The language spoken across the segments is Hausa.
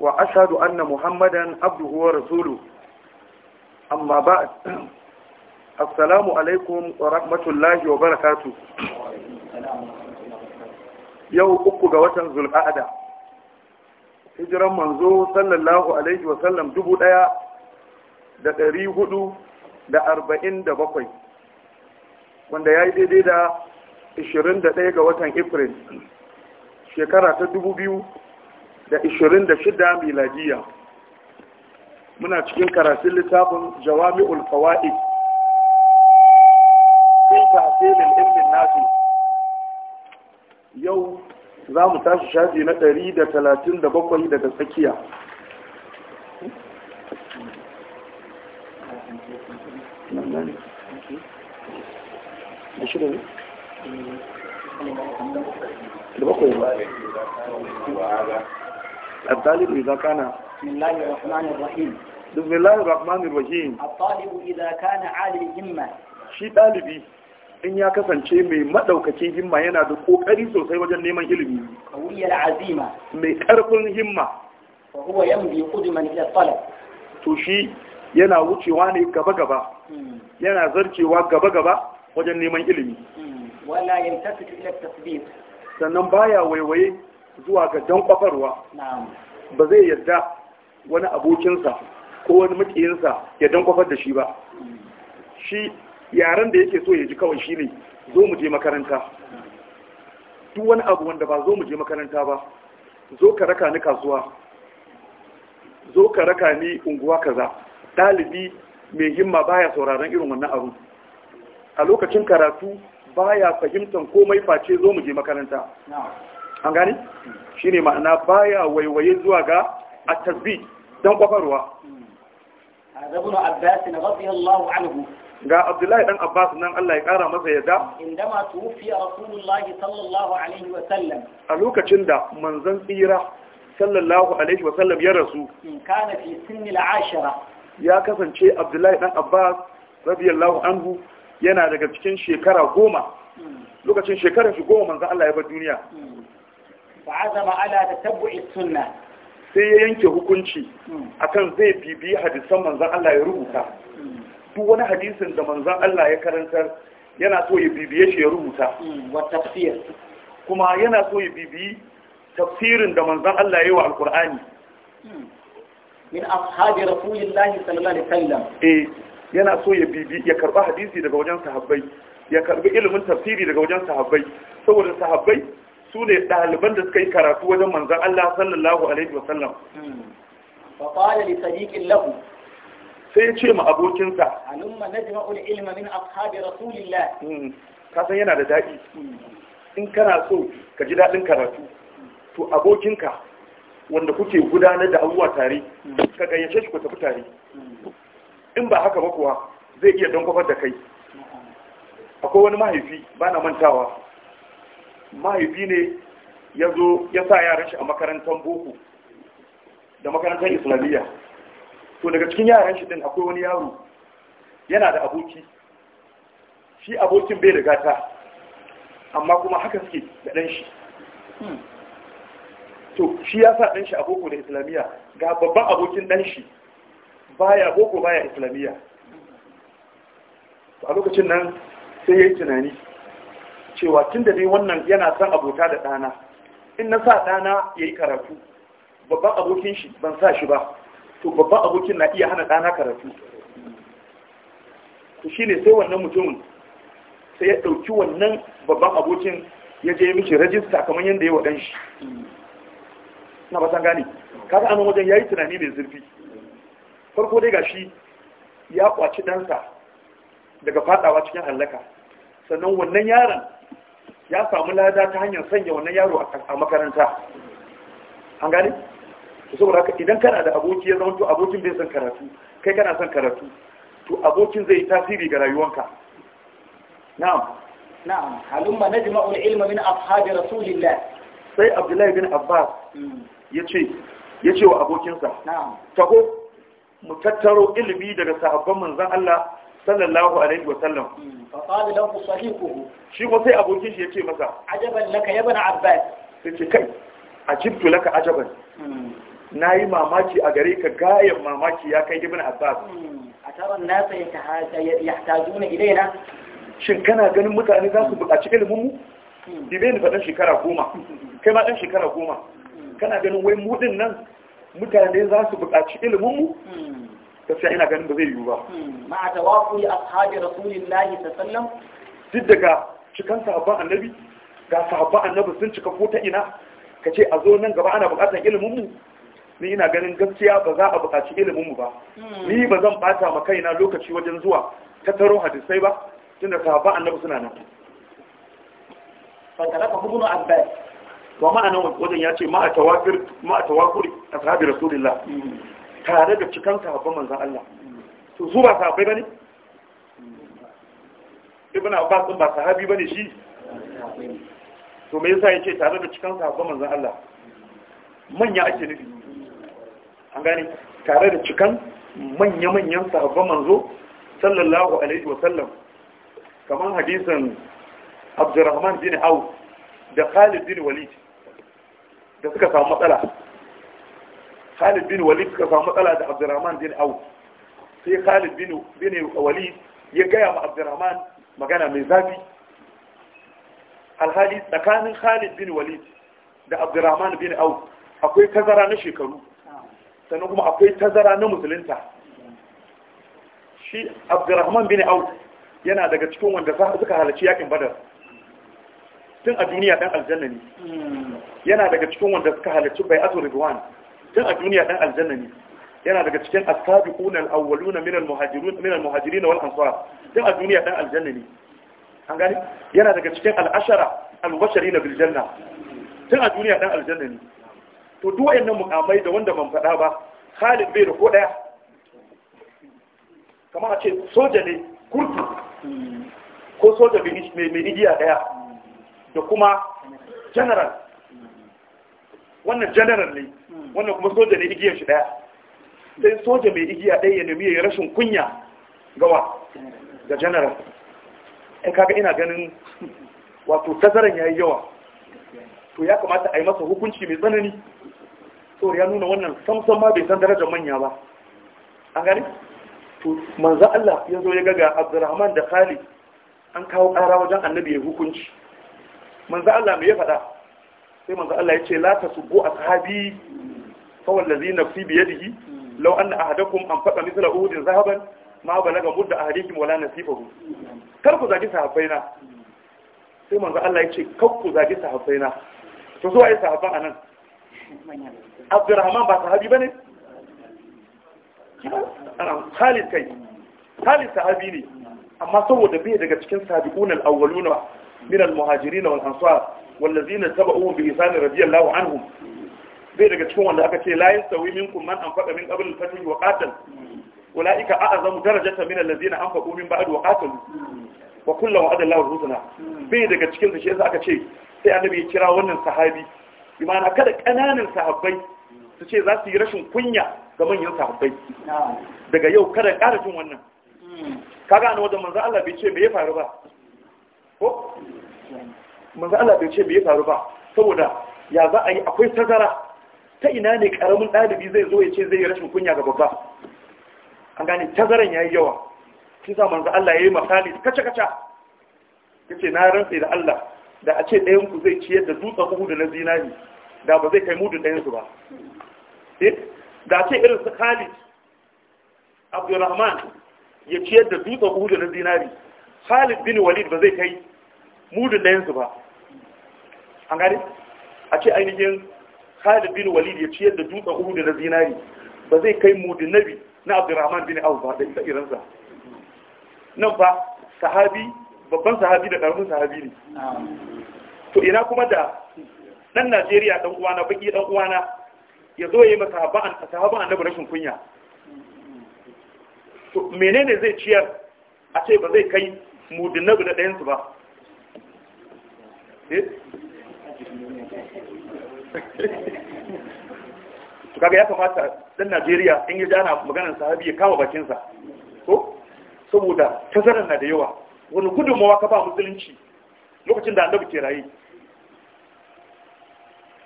wa ashadu anna muhammadan abduhu rasulu amma ba assalamu alaikum wa rahmatullahi wa barakatu yau uku ga watan zulqa'ada hijiran manzo sallallahu alaihi wa sallam 1447 wanda yayi daidai da 21 ga watan april shekara ta da 26 miladiya muna cikin karatun littafin jawami'ul fawaid fi tahsilil ilmin nasi yau za mu tashi shafi na 137 daga tsakiya da bakwai ba الطالب إذا كان بسم الله الرحمن الرحيم بسم الله الرحمن الرحيم الطالب إذا كان عالي الهمة شي طالبي in ya kasance mai madaukakin himma yana da kokari sosai wajen neman ilimi kawiyar azima mai karfin himma fa huwa yamdi qudman ila talab to shi yana wucewa ne gaba gaba yana zarcewa gaba gaba wajen neman ilimi wala yantasitu ila tasbih sannan baya waiwaye zuwa ga don kwafarwa ba zai yarda wani abokinsa ko wani makiyinsa ya don kwafar da shi ba shi yaren da yake so ya ji kawai shi ne zo mu je makaranta duk wani abu wanda ba zo mu je makaranta ba zo ka raka ni kasuwa zo ka raka ni unguwa kaza ɗalibi mai himma baya sauraron irin wannan abu a lokacin karatu baya fahimtar komai face zo mu je makaranta an gani? shi ne ma'ana baya waiwaye zuwa ga a tasbi don kwafarwa ga abdullahi dan abbas nan allah ya kara masa yadda indama tuwfiya rasulullahi sallallahu alaihi wa sallam a lokacin da manzon tsira sallallahu alaihi wa sallam ya rasu kana fi sinni al'ashara ya kasance abdullahi dan abbas radiyallahu anhu yana daga cikin shekara goma hmm. lokacin shekarar shi goma manzon allah ya bar duniya hmm. fa'azama ala da tatabbu'i sunna sai ya yanke hukunci akan zai bibi hadisan manzan Allah ya rubuta duk wani hadisin da manzan Allah ya karantar yana so ya bibiye shi ya rubuta wa tafsir kuma yana so ya bibiyi tafsirin da manzan Allah ya yi wa alqur'ani min ashabi rasulillahi sallallahu alaihi wasallam eh yana so ya bibi ya karba hadisi daga wajen sahabbai ya karbi ilimin tafsiri daga wajen sahabbai saboda sahabbai su ne ɗaliban da suka yi karatu wajen manzan Allah sallallahu alaihi wasallam sadiƙin lahu sai ya ce ma abokinsa alumma na jima'ul ilma min ashabi rasulillah hmm, ka san yana da daɗi in kana so ka ji daɗin karatu to abokinka wanda kuke gudanar da abubuwa tare ka gayyace shi ku tafi tare in ba haka ba kuwa zai iya don kwafar da kai akwai wani mahaifi ba na mantawa mahaifi ne ya zo ya sa yaran shi a makarantar boko da makarantar islamiyya to daga cikin yaran shi din akwai wani yaro yana da aboki shi abokin bai da gata amma kuma haka suke da ɗan shi to shi ya sa ɗan shi a boko da islamiyya ga babban abokin ɗan shi baya boko baya islamiyya a lokacin nan sai ya yi tunani cewa tun da dai wannan yana son abota da ɗana in na sa ɗana ya yi karatu babban abokin shi ban sa shi ba to babban abokin na iya hana ɗana karatu to ne sai wannan mutumin sai ya ɗauki wannan babban abokin ya je mishi rajista kamar yadda ya waɗan shi na basan gane kaga anan wajen ya yi tunani mai zurfi farko dai ga shi ya kwaci ɗansa daga faɗawa cikin hallaka sannan wannan yaron ya samu lada ta hanyar sanya wannan yaro a makaranta an gani su saboda haka idan kana da aboki ya zama to abokin bai san karatu kai kana son karatu to abokin zai tasiri ga rayuwanka na'am na'am halumma najma'u al-ilma min ashabi rasulillah sai abdullahi bin abbas hmm. yace yace wa abokinsa na'am taho mu tattaro ilimi daga sahabban manzon Allah sallallahu alaihi wa sallam fa qala lahu sahihuhu shi ko sai abokin shi yace masa ajaban laka ya bana abbas sai kai ajibtu laka ajaban hmm. nayi mamaki a gare ka gayan mamaki ya kai ibn abbas hmm. ataran nasa yahtajuna ilaina shin kana ganin mutane za su buƙaci ilimin mu dibe hmm. ni fadan shekara goma kai ma ɗan shekara goma kana ganin wai mu nan mutane za su buƙaci ilimin mu gaskiya ina ganin ba zai yiwu ba ma hmm, tawafu ashabi ta sallallahu duk daga cikan sahabban annabi ga sahabban annabi sun cika ko ta ina ka ce a zo nan gaba ana buƙatar ilimin mu ni ina ganin gaskiya ba za a buƙaci ilimin mu ba hmm. ni ba zan bata ma kaina lokaci wajen zuwa taro hadisai ba da sahabban annabi suna nan fatalaka ibn abbas wa ma'ana wajen ya ce ma'a tawafir ma a tawafir rasulillah hmm. tare da cikin sahabban manzan Allah to su ba sahabbai ne? ibn abbas din ba sahabi ne shi to me yasa ce tare da cikin sahabban manzan Allah manya ake nufi an gane tare da cikan manya-manyan sahabban manzo sallallahu alaihi wa sallam kamar hadisin Abdurrahman bin au, da Khalid bin Walid da suka samu matsala Khalid bin Walid ka samu matsala da Abdurrahman bin Auf sai Khalid bin bin Walid ya gaya ma Abdurrahman magana mai zafi alhali tsakanin Khalid bin Walid da Abdurrahman bin Auf akwai tazara na shekaru sannan kuma akwai tazara na musulunta shi Abdurrahman bin Auf yana daga cikin wanda suka halarci yakin Badar tun a duniya dan aljanna ne hmm. yana daga cikin wanda suka halarci bai'atu Ridwan tun a duniya dan aljanna ne yana daga cikin as-sabiqun al-awwalun min al-muhajirun min al-muhajirin wal ansar tun a duniya dan aljanna ne an gani yana daga cikin al-ashara al-mubashirin bil janna tun a duniya dan aljanna ne to duk wayannan mukamai da wanda ban faɗa ba Khalid bai da ko daya kamar a ce soja ne kurtu ko soja mai igiya daya da kuma general wannan general ne wannan kuma soja ne igiyar shi daya sai soja mai igiya ɗaya ya nemi ya rashin kunya gawa ga general ai kaga ina ganin wato tazaran yi yawa to ya kamata a yi masa hukunci mai tsanani to ya nuna wannan samson ma bai san darajar manya ba an gani to manzo Allah ya zo ya ga ga Abdurrahman da Khalid an kawo ƙara wajen annabi ya hukunci manzo Allah me ya faɗa sai manzo Allah ya ce la tasubbu ashabi fa ladhi nafsi bi yadihi law anna ahadakum anfaqa mithla uhudin zahaban ma balaga mudda ahadikum wala nasifahu kar ku zagi sahabbaina sai manzo Allah ya ce kar ku zagi sahabbaina to so ai sahabban anan Abdurrahman ba sahabi bane Khalid kai Khalid sahabi ne amma saboda bai daga cikin sabiqunal awwaluna min al-muhajirin wal ansar wallazina tabi'uhum bi ihsan radiyallahu anhum bai daga cikin wanda aka ce la yastawi minkum man anfaqa min qabl al-fath wa qatal ulaika a'zamu darajatan min allazina anfaqu min ba'd wa qatalu wa kullum wa adallahu al bai daga aka ce sai annabi ya kira wannan sahabi imana kada kananan sahabbai su ce za su yi rashin kunya ga manyan sahabbai daga yau kada ƙara jin wannan Ka gane wajen manzo Allah bai ce me ya faru ba ko manzo Allah bai ce bai faru ba saboda ya za a yi akwai tazara ta ina ne karamin ɗalibi zai zo ya ce zai yi rashin kunya ga babba an gane tazaran yayi yawa shi sa manzo Allah yayi misali kace kace ce na rantsa da Allah da a ce ɗayan ku zai ciyar da dutsen da na zinari da ba zai kai mudun ɗayan su ba eh, Da da ce irin su Khalid Abdulrahman ya ciyar da dutsen da na zinari Khalid bin Walid ba zai kai mudun ɗayansu ba an gari a ce ainihin khalid bin walid ya ciyar da dutsen uhudu na zinari ba zai kai mudun nabi na abdurrahman bin auf ba da isa irinsa nan ba sahabi babban sahabi da ƙarfin sahabi ne to ina kuma da ɗan najeriya ɗan uwana baki ɗan uwana ya zo ya yi masa sahaban annabi rashin kunya to menene zai ciyar a ce ba zai kai mudin nabi da ɗayansu ba Eh? kaga ya kamata dan Najeriya in ya jana maganar sahabi ya kama bakinsa ko saboda tazarar na da yawa wani gudunmawa ka ba musulunci lokacin da annabi ke raye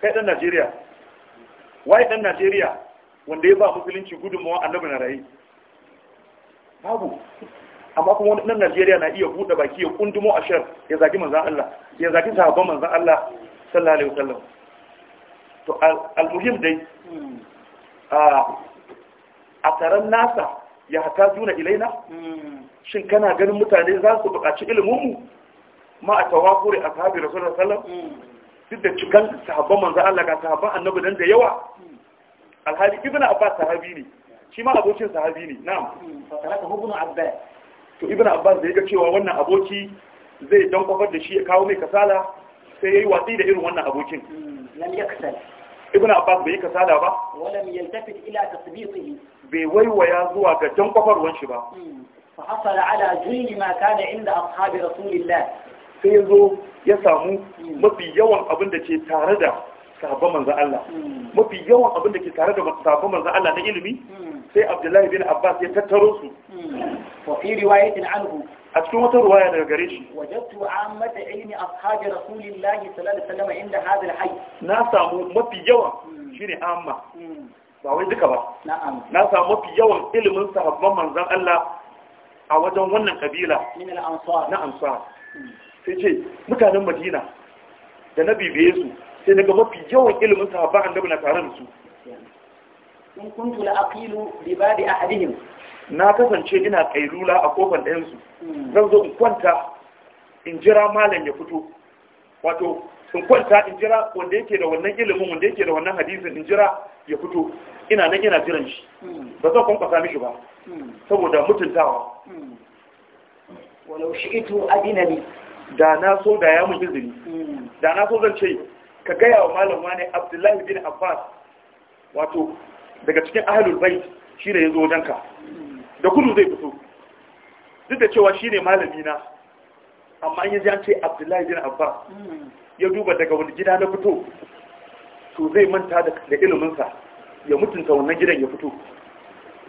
kai dan Najeriya wai dan Najeriya wanda ya ba musulunci gudunmawa annabi na raye babu amma kuma wani ɗan najeriya na iya buɗe baki ya kundumo a shar ya zagi manzan allah ya zagi sahabban manzan allah sallallahu alaihi wasallam to al-muhim dai hmm. a taron nasa ya hata juna ilaina hmm. shin kana ganin mutane za su buƙaci iliminmu ma a tawakuri a sahabi rasulun sallam hmm. duk da cikan sahabban manzan Allah ga sahabban annabi dan da yawa alhali ibn abbas sahabi ne shi ma abokin sahabi ne na'am fa talaka abbas to ibn abbas da ya ga cewa wannan aboki zai don kwafar da shi ya kawo mai kasala sai ya yi watsi da irin wannan abokin hmm, ibn abbas bai yi kasala ba yaltafit ila tasbiqihi bai waiwaya zuwa ga don kwafarwan shi ba hmm, fa hasala ala julli ma kana inda ashabi rasulillah sai yazo ya samu hmm. mafi yawan abin da ke tare da sahabban manzan Allah mafi yawan abin da ke tare da sahabban manzan Allah na ilimi sai Abdullahi bin Abbas ya tattaro su fi riwayatin anhu a cikin wata ruwaya daga gare shi wajadtu ammata ilmi ashabi rasulillahi sallallahu alaihi inda hadha alhayy na samu mafi yawa hmm. shine amma hmm. ba wai duka ba na'am na samu mafi yawan ilimin sahabban manzan Allah a wajen wannan kabila na ansar hmm. sai ce mutanen Madina da na bibiye su sai daga mafi yawan ilimin sahabban annabi na tare da su in kuntu la aqilu bi badi ahadihim na kasance ina kailula a kofar ɗayan su hmm. zan zo in kwanta in jira malam ya fito wato in kwanta in jira wanda yake da wannan ilimin wanda yake da wannan hadisin in jira ya fito ina nan ina jiran shi hmm. ba zan kwankwasa mishi ba hmm. saboda mutuntawa walau shi ito adinani da na so da ya mun izini da na so zan ce ka gaya wa malam wani abdullahi bin abbas wato daga cikin ahalul bai shi ne ya zo wajenka da Kudu zai fito duk da cewa shi ne malami na amma an yi an ce abdullahi bin abbas ya duba daga wani gida na fito to zai manta da iliminsa ya mutunta wannan gidan ya fito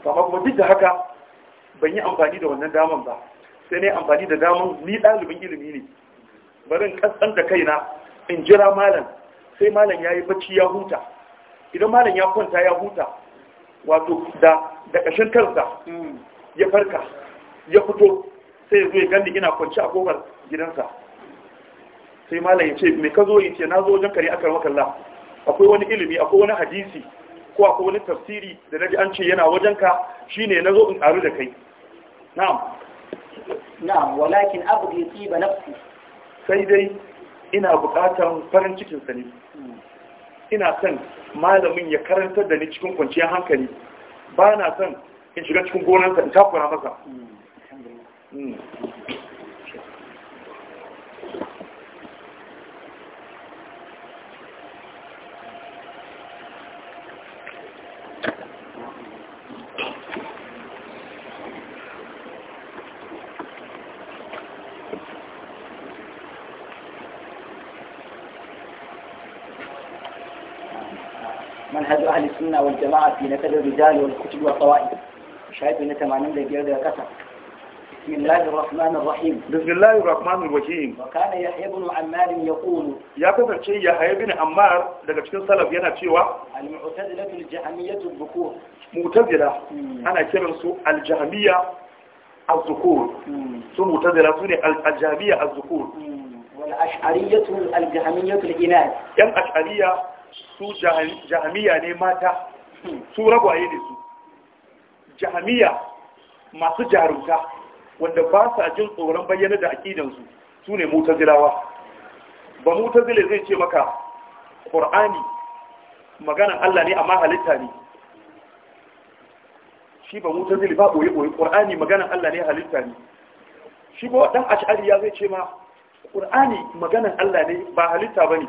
amma kuma duk da haka ban yi amfani da wannan daman ba sai na amfani da daman ni ɗalibin ilimi ne barin ƙasar da kaina in jira malam sai malam ya yi bacci ya huta idan malam ya kwanta ya huta wato da ƙashin kansa ya farka ya fito sai ya zo ya gani ina kwanci a kofar gidansa sai malam ya ce mai ka zo yi ce na zo wajen kare a rawa kalla akwai wani ilimi akwai wani hadisi ko akwai wani tafsiri da na ji an ce yana wajen ka Shi ne na zo in ƙaru da kai na'am na'am walakin abu da ya tsiba nafsi sai dai ina bukatan farin cikin sa ina son malamin ya karantar da ni cikin kwanciyar hankali ba na son in shiga cikin gonarsa in takura masa hmm, السنة والجماعة في نكد الرجال والكتب والطوائف شاهد من 85 ده كسر بسم الله الرحمن الرحيم بسم الله الرحمن الرحيم وكان يحيى بن عمار يقول يا كفر شيء يحيى بن عمار daga cikin salaf yana cewa al-mu'tazila al-jahmiyya al-dhukur mu'tazila ana kiran su al-jahmiyya al-dhukur su mu'tazila su ne al yan ash'ariyya su jahamiya ne mata su ragwaye ne su jahamiya masu jarumta wanda ba sa jin tsoron bayyana da aƙidansu su ne mutazilawa ba mutazile zai ce maka ƙur'ani maganan Allah ne amma halitta ne shi ba mutazile ba ɓoye-ɓoye ƙur'ani maganan Allah ne halitta ne shi ba a ash'ari ya zai ce ma ƙur'ani maganan Allah ne ba halitta ba ne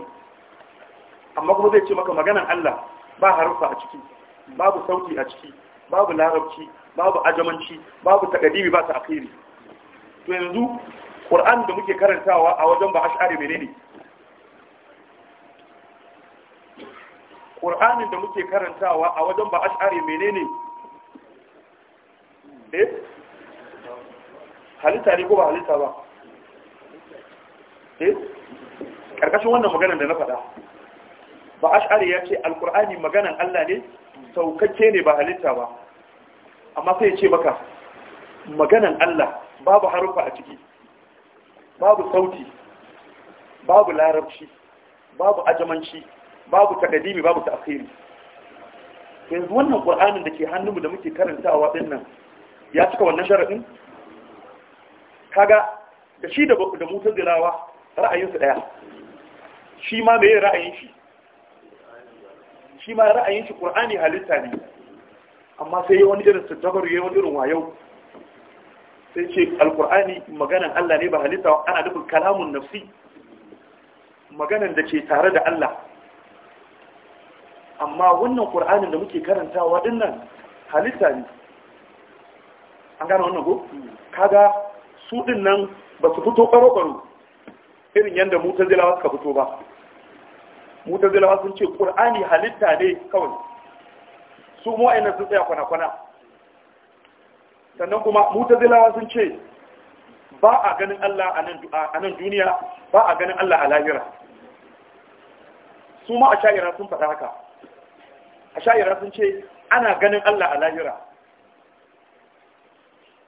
amma kuma zai ce maka maganan Allah ba harufa a ciki babu sauti a ciki babu larabci babu ajamanci babu takadimi ba ta akhiri to yanzu Qur'an da muke karantawa a wajen ba ash'ari menene Qur'anin da muke karantawa a wajen ba ash'ari menene eh halitta ne ko ba halitta ba eh karkashin wannan maganar da na faɗa ba ash'ari ya ce alkur'ani maganan Allah ne saukakke ne ba halitta ba amma sai ce maka maganan Allah babu harufa a ciki babu sauti babu larabci babu ajamanci babu takadimi babu ta'khiri yanzu wannan qur'anin da ke hannunmu da muke karantawa din nan ya cika wannan sharadin kaga da shi da da mutazilawa ra'ayinsu daya shi ma meye ra'ayin shi shi ma ra'ayin shi qur'ani halitta ne amma sai ya wani irin tattabar ya wani irin wayo sai ce alqur'ani maganan Allah ne ba halitta ana nufin kalamun nafsi maganan da ke tare da Allah amma wannan qur'anin da muke karantawa dinnan halitta ne an gane wannan ko kaga su dinnan ba su fito karo-karo irin yadda mutazilawa suka fito ba mutazilawa sun ce ƙur'ani halitta ne kawai su mu'ayyana sun tsaya kwana-kwana sannan kuma mutazilawa sun ce ba a ganin Allah a nan duniya ba a ganin Allah a lahira su ma a sha'ira sun faɗa haka a sha'ira sun ce ana ganin Allah a lahira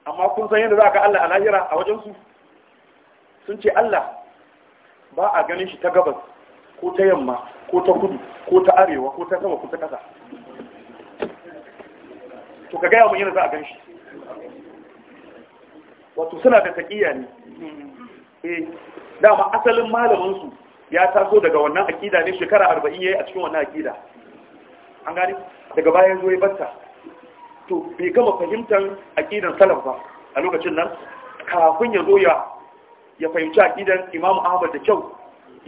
amma kun san yadda za ga Allah a lahira a wajensu sun ce Allah ba a ganin shi ta gabas ko ta yamma ko ta kudu ko ta arewa ko ta sama ko ta kasa to ka gaya mu yana za a gan shi wato suna da taƙiyya ne eh dama asalin su ya taso daga wannan aƙida ne shekara arba'in ya yi a cikin wannan aƙida. an gani daga bayan zo ya batta to bai gama fahimtar aƙidan salaf ba a lokacin nan kafin ya zo ya fahimci aƙidan imamu ahmad da kyau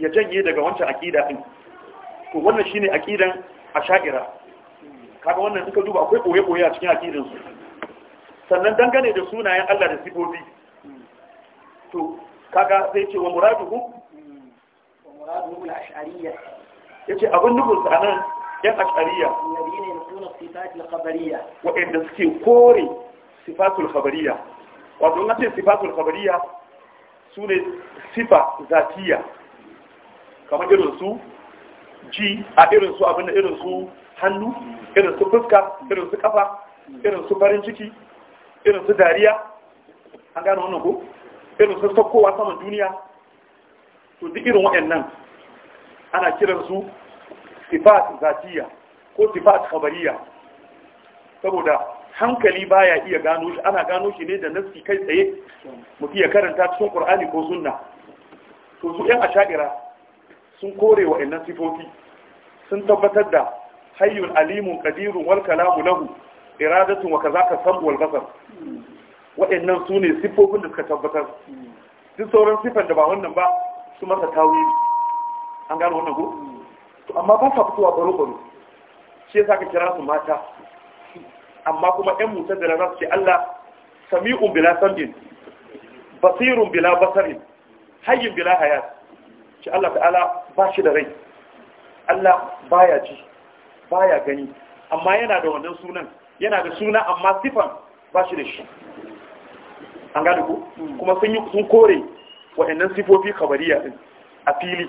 ya janye daga wancan akida din to wannan shine akidan asha'ira kaga wannan suka duba akwai koye koye a cikin akidan su sannan dangane da sunayen Allah da sifofi to kaga sai ce wa muraduhu wa muraduhu al-ash'ariyya yace abin nufin sa nan yan ash'ariyya alladhina yaquluna sifatul khabariyya wa inda suke kore sifatul khabariyya wato na ce sifatul khabariya su sune sifa zatiya kamar irin su ji a irin su abin da irin su hannu irin su fuska irin su kafa irin su farin ciki irin su dariya an gano wannan ko irin su saukowa saman duniya to duk irin waɗannan ana kiransu sifat zatiya ko sifat khabariya saboda hankali baya iya gano shi ana gano shi ne da nassi kai tsaye mutum ya karanta cikin qur'ani ko sunna to su yan asha'ira sun kore wa innan sifofi sun tabbatar da hayyun alimun qadirun wal kalamu lahu iradatun wa kazaka sabu wal basar waɗannan su ne siffofin da suka tabbatar duk sauran sifan da ba wannan ba su masa tawi an gano wannan ko to amma ba sa fitowa baro baro shi yasa ka kira su mata amma kuma ɗan musa da za su ce Allah sami'un bila sandin, basirun bila basarin hayyun bila hayat ci Allah ta'ala ba shi da rai Allah baya ji baya gani amma yana da wannan sunan yana da suna amma sifan ba shi da shi an gane ku hmm. kuma sun yi sun kore waɗannan sifofi kabariya din a fili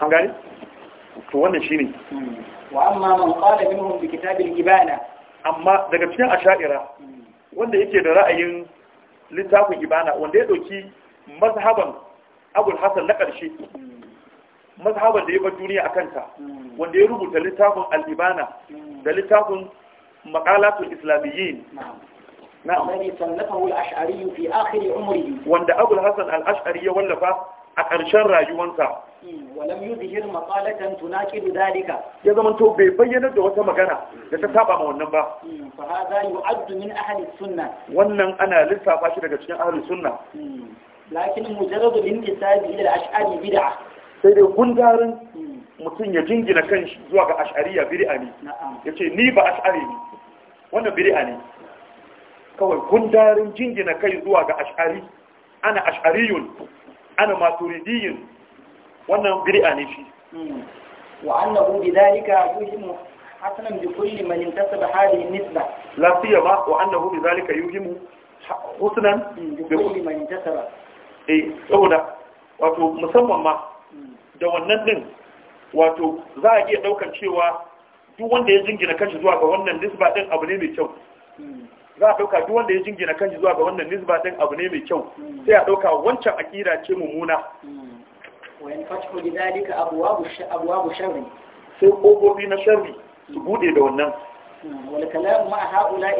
an gane to wannan shine hmm. wa amma man qala minhum bi kitabil ibana amma daga cikin asha'ira hmm. wanda yake da ra'ayin littafin ibana wanda ya dauki mazhaban abul hasan na ƙarshe mazhabar da ya bar duniya a kanta wanda ya rubuta littafin al-ibana da littafin maqalatul islamiyyin Na alladhi sannafahu al-ash'ari fi akhir umrihi wanda abul hasan al ya wallafa a ƙarshen rayuwarsa hmm, walam yuzhir maqalatan da dhalika ya zama to bai bayyana da wata magana da ta saba ma wannan ba hmm, fa hadha yu'addu min ahli sunnah wannan ana lissafa shi daga cikin ahli sunnah hmm. lakin mujarradu min nisabi ila al-ash'ari bid'a sai dai gundarin hmm. mutum ya jingina kanshi zuwa ga ash'ariya bid'a ne yace ni ba ash'ari ne wannan bid'a ne kawai gundarin jingina kai zuwa ga ash'ari ana ash'ariyun ana maturidiyun wannan bid'a ne shi hmm. wa annahu bidhalika yuhimu hasanan bi kulli man intasaba hadhihi nisba la siyama wa annahu bidhalika yuhimu husnan hmm, bi kulli man intasaba E, saboda wato musamman ma da wannan din wato za a iya daukan cewa duk wanda ya jingina kanshi zuwa ga wannan nisba din abu ne mai kyau za a dauka duk wanda ya jingina kanshi zuwa ga wannan nisba din abu ne mai kyau sai a dauka wancan akida ce mummuna wayan fatihu lidalika abwabu abwabu sharri sai kofofi na sharri su bude da wannan hmm, wal kalam ma haula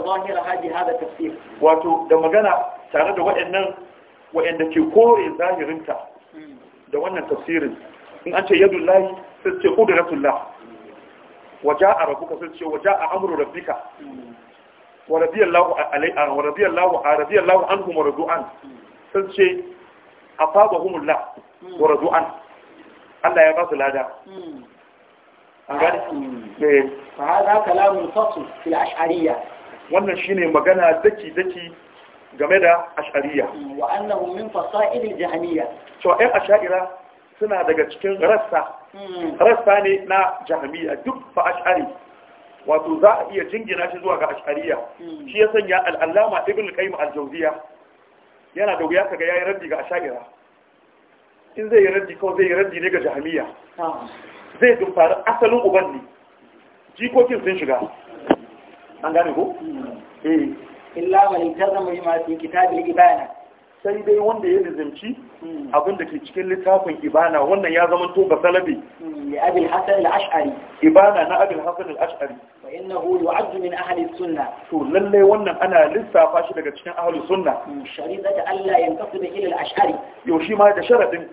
zahira hadi hada tafsir wato da magana tare da waɗannan wa'anda ke kore zahirinta da wannan tafsirin in an ce yadun lahi sai ce ƙuduratun lah waje a rabuka sai ce waje a amuru rabbika wa rabiyar lahu an kuma radu'an sai ce a faɓa humun lah wa radu'an Allah ya ba su lada an gani? Eh. fa haɗa kalamun fasu fil ash'ariya wannan shine magana daki-daki game da ash'ariya wa'annan annahu min fasa'il jahmiya to ai ash'ira suna daga cikin rassa hmm. rassa ne na jahmiya duk fa ash'ari wato za a iya jingina shi zuwa ga ash'ariya hmm. shi ya sanya al-allama ibn qayyim al-jawziya yana da wuya kaga yayi raddi ga ash'ira in zai yi raddi ko zai yi raddi ne ga jahmiya zai dumfari asalin uban ne jikokin sun shiga an gane ko hmm. eh illa man tazama bima fi ibana sai dai wanda ya lizinci hmm. abin da ke cikin littafin ibana wannan ya zama to salabi. Hmm, li abil hasan al ash'ari ibana na abil hasan al ash'ari wa innahu yu'addu min ahli sunna to lalle wannan ana lissafa shi daga cikin ahli sunna hmm, shari'ata Allah ya yantasib da al ash'ari yo shi ma da sharadin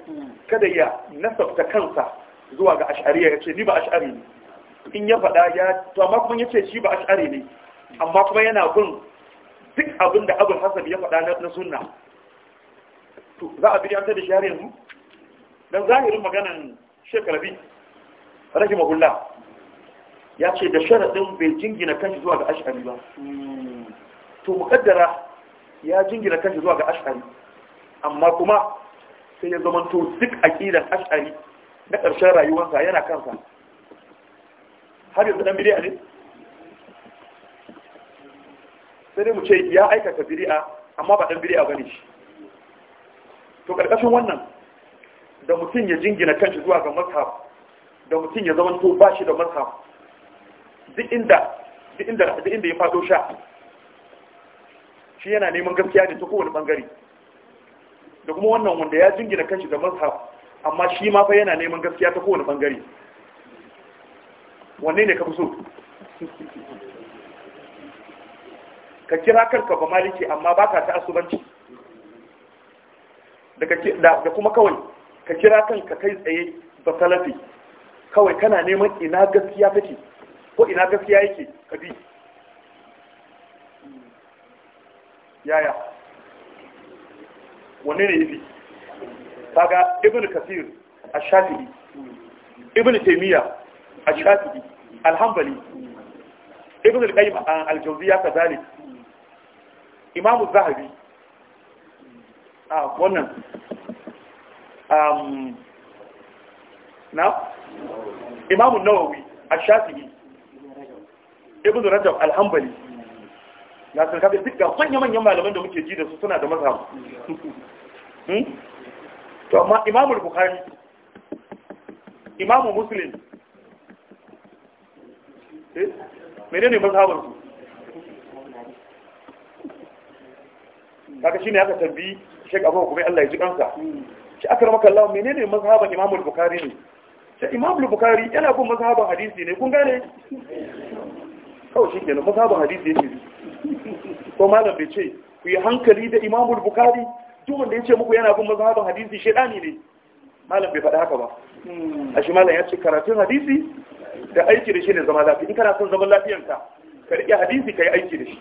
kada ya nasabta kansa zuwa ga ash'ariya ya ce ni ba ash'ari ne in ya faɗa ya to amma kuma ya ce shi ba ash'ari ne amma kuma yana bin duk abin da abin hasab ya faɗa na sunna to za a bi an da shi yanzu dan zahirin maganan shekarabi rahimahullah ya ce da sharaɗin bai jingina kanshi zuwa ga ash'ari ba to muƙaddara ya jingina kanshi zuwa ga ash'ari amma kuma sai ya zamanto duk aƙidan ash'ari na ƙarshen rayuwarsa yana kansa har yanzu dan bidiya ne sai dai mu ce ya aikata biri'a, amma ba dan biri'a bane shi to karkashin wannan da mutum ya jingina kanshi zuwa ga mazhab da mutum ya zama to bashi da mazhab duk inda duk inda duk inda ya fado sha shi yana neman gaskiya ne ta kowane bangare da kuma wannan wanda ya jingina kanshi da mazhab amma shi ma fa yana neman gaskiya ta kowane bangare wanne ne ka fi so ka kira kanka ba maliki amma ba ka ta asubanci da kuma kawai ka kira kanka kai tsaye ba salafi kawai kana neman ina gaskiya take ko ina gaskiya yake ka bi yaya wanne ne yafi kaga ibn kafir a shafii ibn Taimiyya a shafii alhambali hanbali ibn al-qayyim al-jawziyya kadhalik imamu zahabi a ah, wannan um, na imamu nawawi a Shafi ibn rajab alhambali na sun kafin duk da manya-manyan malaman da muke ji da su suna da mazhab hmm? to amma imamu bukari imamu ne eh? menene su kaga shine aka tambayi Sheikh Abu Bakar Allah ya ji kansa shi akramaka Allah menene mazhaban Imam al-Bukhari ne shi Imam al-Bukhari yana bin mazhaban hadisi ne kun gane kawai shi kenan mazhaban hadisi ne ko malam bai ce ku yi hankali da Imam al-Bukhari duk wanda ya ce muku yana bin mazhaban hadisi shedani ne malam bai faɗa haka ba a shi malam ya ce karatun hadisi da aiki da shi ne zama lafiya in kana son zaman lafiyanka ka riƙe hadisi ka yi aiki da shi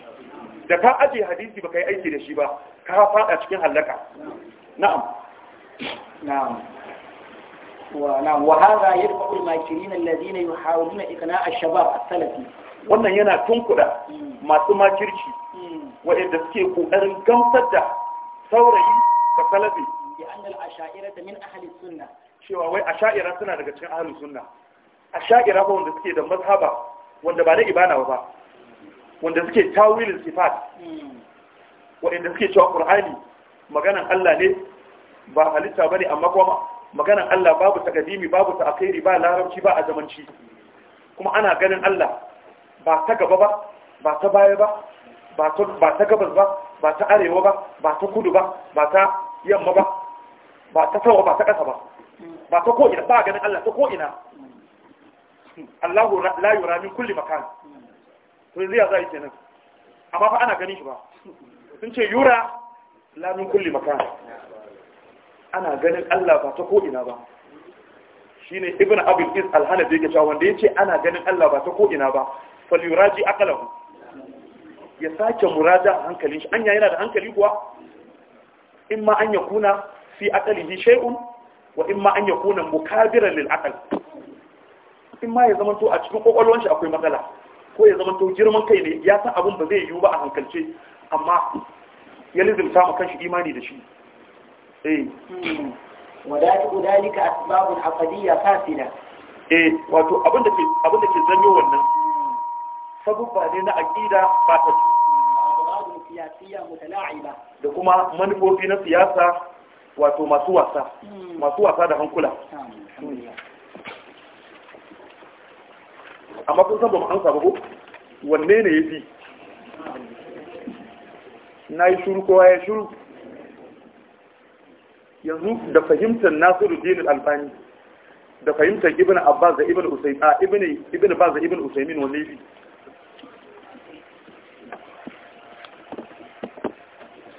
da ka ajiye hadisi ba ka yi aiki da shi ba ka fada cikin halaka na'am na'am wa na'am wa hadha yarfa'u al-makirin alladhina yuhawiluna iqna' ash-shabab as-salafi wannan yana tunkuda mm. masu makirci mm. waɗanda suke kokarin gamsar da saurayi da salafi bi annal asha'ira min ahli sunnah cewa wai asha'ira suna daga cikin ahli sunnah asha'ira ba wanda suke da mazhaba wanda ba na ibana ba wanda suke tawilin sifat waɗanda suke cewa ƙur'ani maganan Allah ne ba halitta ba ne amma kuma maganan Allah babu ta takadimi babu ta ta'akairi ba larabci ba a zamanci. kuma ana ganin Allah ba ta gaba ba ba ta baya ba ba ta gabas ba ba ta arewa ba ba ta kudu ba ba ta yamma ba ba ta tawa ba ta ƙasa ba ba ta ko'ina ba ganin Allah ta ko'ina Allahu la yura min kulli makan to za a yi kenan amma fa ana ganin shi ba sun ce yura lamin kulli makan ana ganin Allah ba ta ko'ina ba shi ne ibn abin is da yake cewa wanda ya ce ana ganin Allah ba ta ko'ina ba falyuraji akalahu ya sake murada a hankalin shi an yana da hankali kuwa in ma an ya kuna fi akalihi shay'un wa in ma an ya kuna mukabiran lil akal in ma ya zama to a cikin kwakwalwar shi akwai matsala ko ya zama to girman kai ne ya san abin ba zai yiwu ba a hankalce amma ya lizimta ma kanshi imani da shi eh hmm. wadatu dalika asbabun afadiyya fasida eh wato abin da ke abin da ke wannan sabubba ne na aqida ba ta siyasiyya mutala'iba da kuma manufofi na siyasa wato masu wasa hmm. masu wasa da hankula amma kun san ba mu an ba ko wanne ne yafi na yi shuru kowa ya shuru yanzu da fahimtar nasiru dinin albani, da fahimtar ibn abbas da ibn usaimin a ibn ibn abbas da ibn usaimin wanne yafi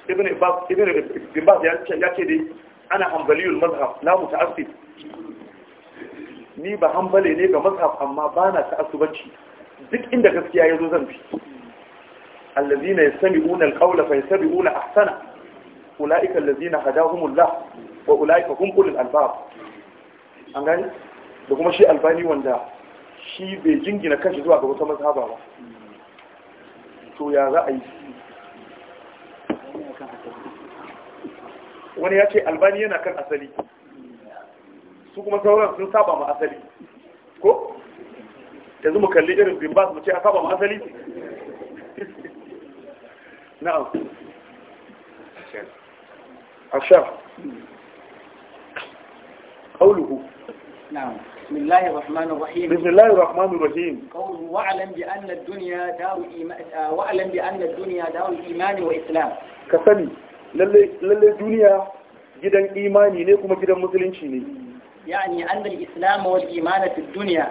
ibn abbas ibn abbas ya ce dai ana hanbaliyul mazhab la muta'assib ni ba hambale ne ga matsaf amma ba na ta asubanci duk inda gaskiya ya zo zan fi allazina yastami'una alqawla fayattabi'una ahsana ulaika allazina hadahumullah wa ulaika hum ulul albab an gani da kuma shi albani wanda shi bai jingina kanshi zuwa ga wata mazhaba ba to ya za a yi wani ya ce albani yana kan asali su kuma sauran sun saba ma asali ko yanzu mu kalli irin bin ba mu ce a saba ma asali na'am asha. qawluhu na'am بسم الله الرحمن الرحيم بسم الله الرحمن الرحيم واعلم بأن الدنيا دار إيمان واعلم بأن الدنيا دار كسني للي للي الدنيا gidan imani ne kuma gidan musulunci ne yani annal islam wal iman fi dunya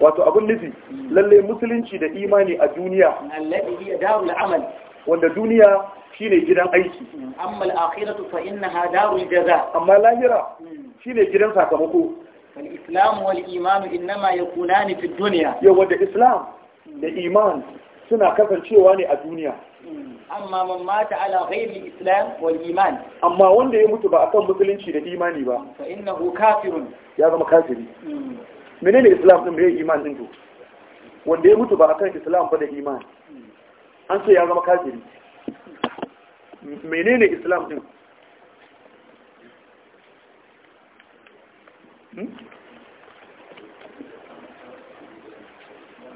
wato abun nufi lalle musulunci da imani a duniya allati hiya darul amal wanda duniya shine gidan aiki amma al-akhiratu fa innaha darul jaza amma lahira shine gidan sakamako wal islam wal iman innama yakunani fi dunya yawa da islam da iman suna kasancewa ne a duniya amma man mata ala ghairi islam wal iman amma wanda ya mutu ba akan musulunci da imani ba fa innahu kafirun ya zama kafiri hmm. menene islam din bai iman din to wanda ya mutu ba akan islam ba da iman hmm. an ce ya zama kafiri menene islam din hmm?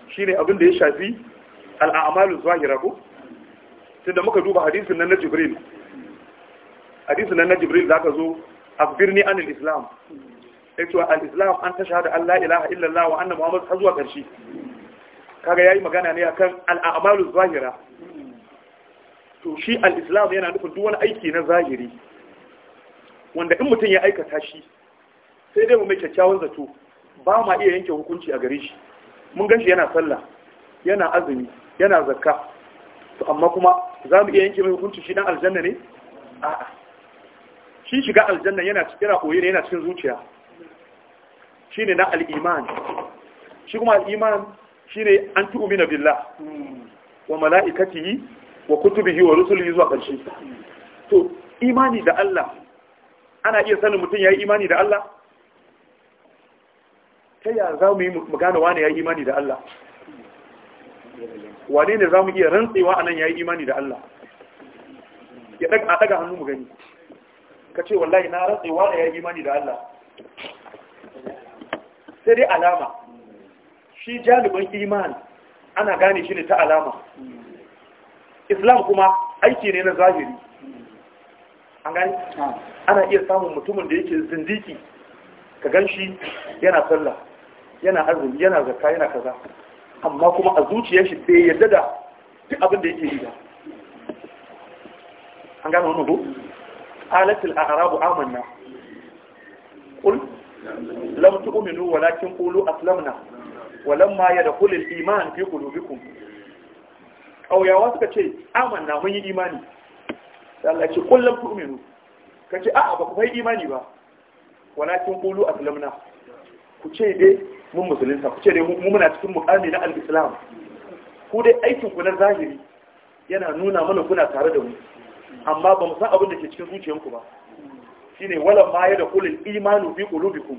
shine abin da ya shafi al'amalu zahira ko tunda muka duba hadisin nan na jibril hadisin nan na jibril ka zo akbirni anil islam yace al-islam an tashhadu an Allah, ilaha illallah wa anna muhammad har zuwa karshe kaga yayi magana ne akan al-a'malu zahira to shi al-islam yana nufin duk wani aiki na zahiri wanda in mutum ya aikata shi sai dai mu mai kyakkyawan zato ba ma iya yanke hukunci a gare shi mun gan shi yana sallah yana azumi yana zakka to amma kuma za mu iya yanke mai hukunci shi dan aljanna ne a'a shi shiga aljanna yana cikin koyi ne yana cikin zuciya shine na al-iman shi kuma al-iman shine an tu'mina billah wa mala'ikatihi wa kutubihi wa rusulihi zuwa ƙarshe to imani da Allah ana iya sanin mutum yayi imani da Allah ta yaya za mu yi mu gane wani yayi imani da Allah wane ne za mu iya rantsewa a nan ya yi imani da Allah ya ɗaga hannu mu gani ka ce wallahi na rantsewa a ya yi imani da Allah sai dai alama shi jalibin imani ana gane shi ne ta alama islam kuma aiki ne na zahiri an gani ana iya samun mutumin da yake zindiki ka gan shi yana sallah yana azumi yana zakka yana kaza amma kuma a zuciyar shi bai yadda da duk abin da yake yi ba an gano wannan ko alatul a'rabu amanna qul lamtu uminu walakin qulu aslamna walamma da al-iman fi kun. Ƙauyawa suka ce amanna mun yi imani da Allah ce ce lamtu uminu ka ce a'a ba ku fai imani ba walakin qulu aslamna ku ce dai mun musulunta ku ce dai mu muna cikin mukami na al ku dai aikin ku na zahiri yana nuna mana kuna tare da mu amma ba mu san abin da ke cikin zuciyanku ba shine wala ma ya da kulul imanu bi qulubikum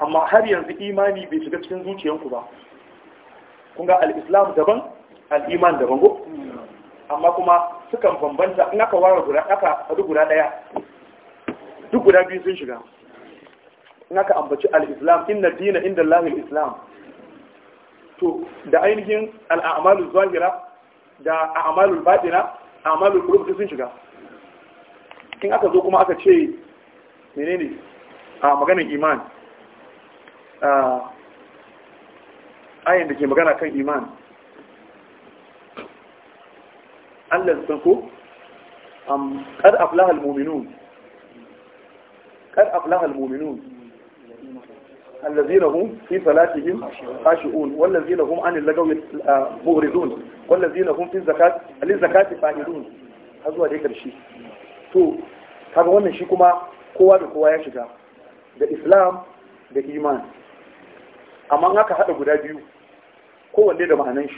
amma har yanzu imani bai shiga cikin zuciyanku ba kun ga al daban al daban go amma kuma sukan bambanta in aka ware guda aka guda daya duk guda biyu sun shiga in aka ambaci al-islam inna dina inda Allah islam to da ainihin Al'amalu amalu da A'amalu baɗina, A'amalu qulub sun shiga in aka zo kuma aka ce menene a maganin iman ayin da ke magana kan iman Allah san ko am qad aflaha Kar muminun qad aflaha الذين هم في صلاتهم خاشعون والذين هم عن اللغو مغرضون والذين هم في الزكاة للزكاة فاعلون har zuwa dai karshe to kaga wannan shi kuma kowa da kowa ya shiga da islam da iman amma aka hada guda biyu kowanne da ma'anan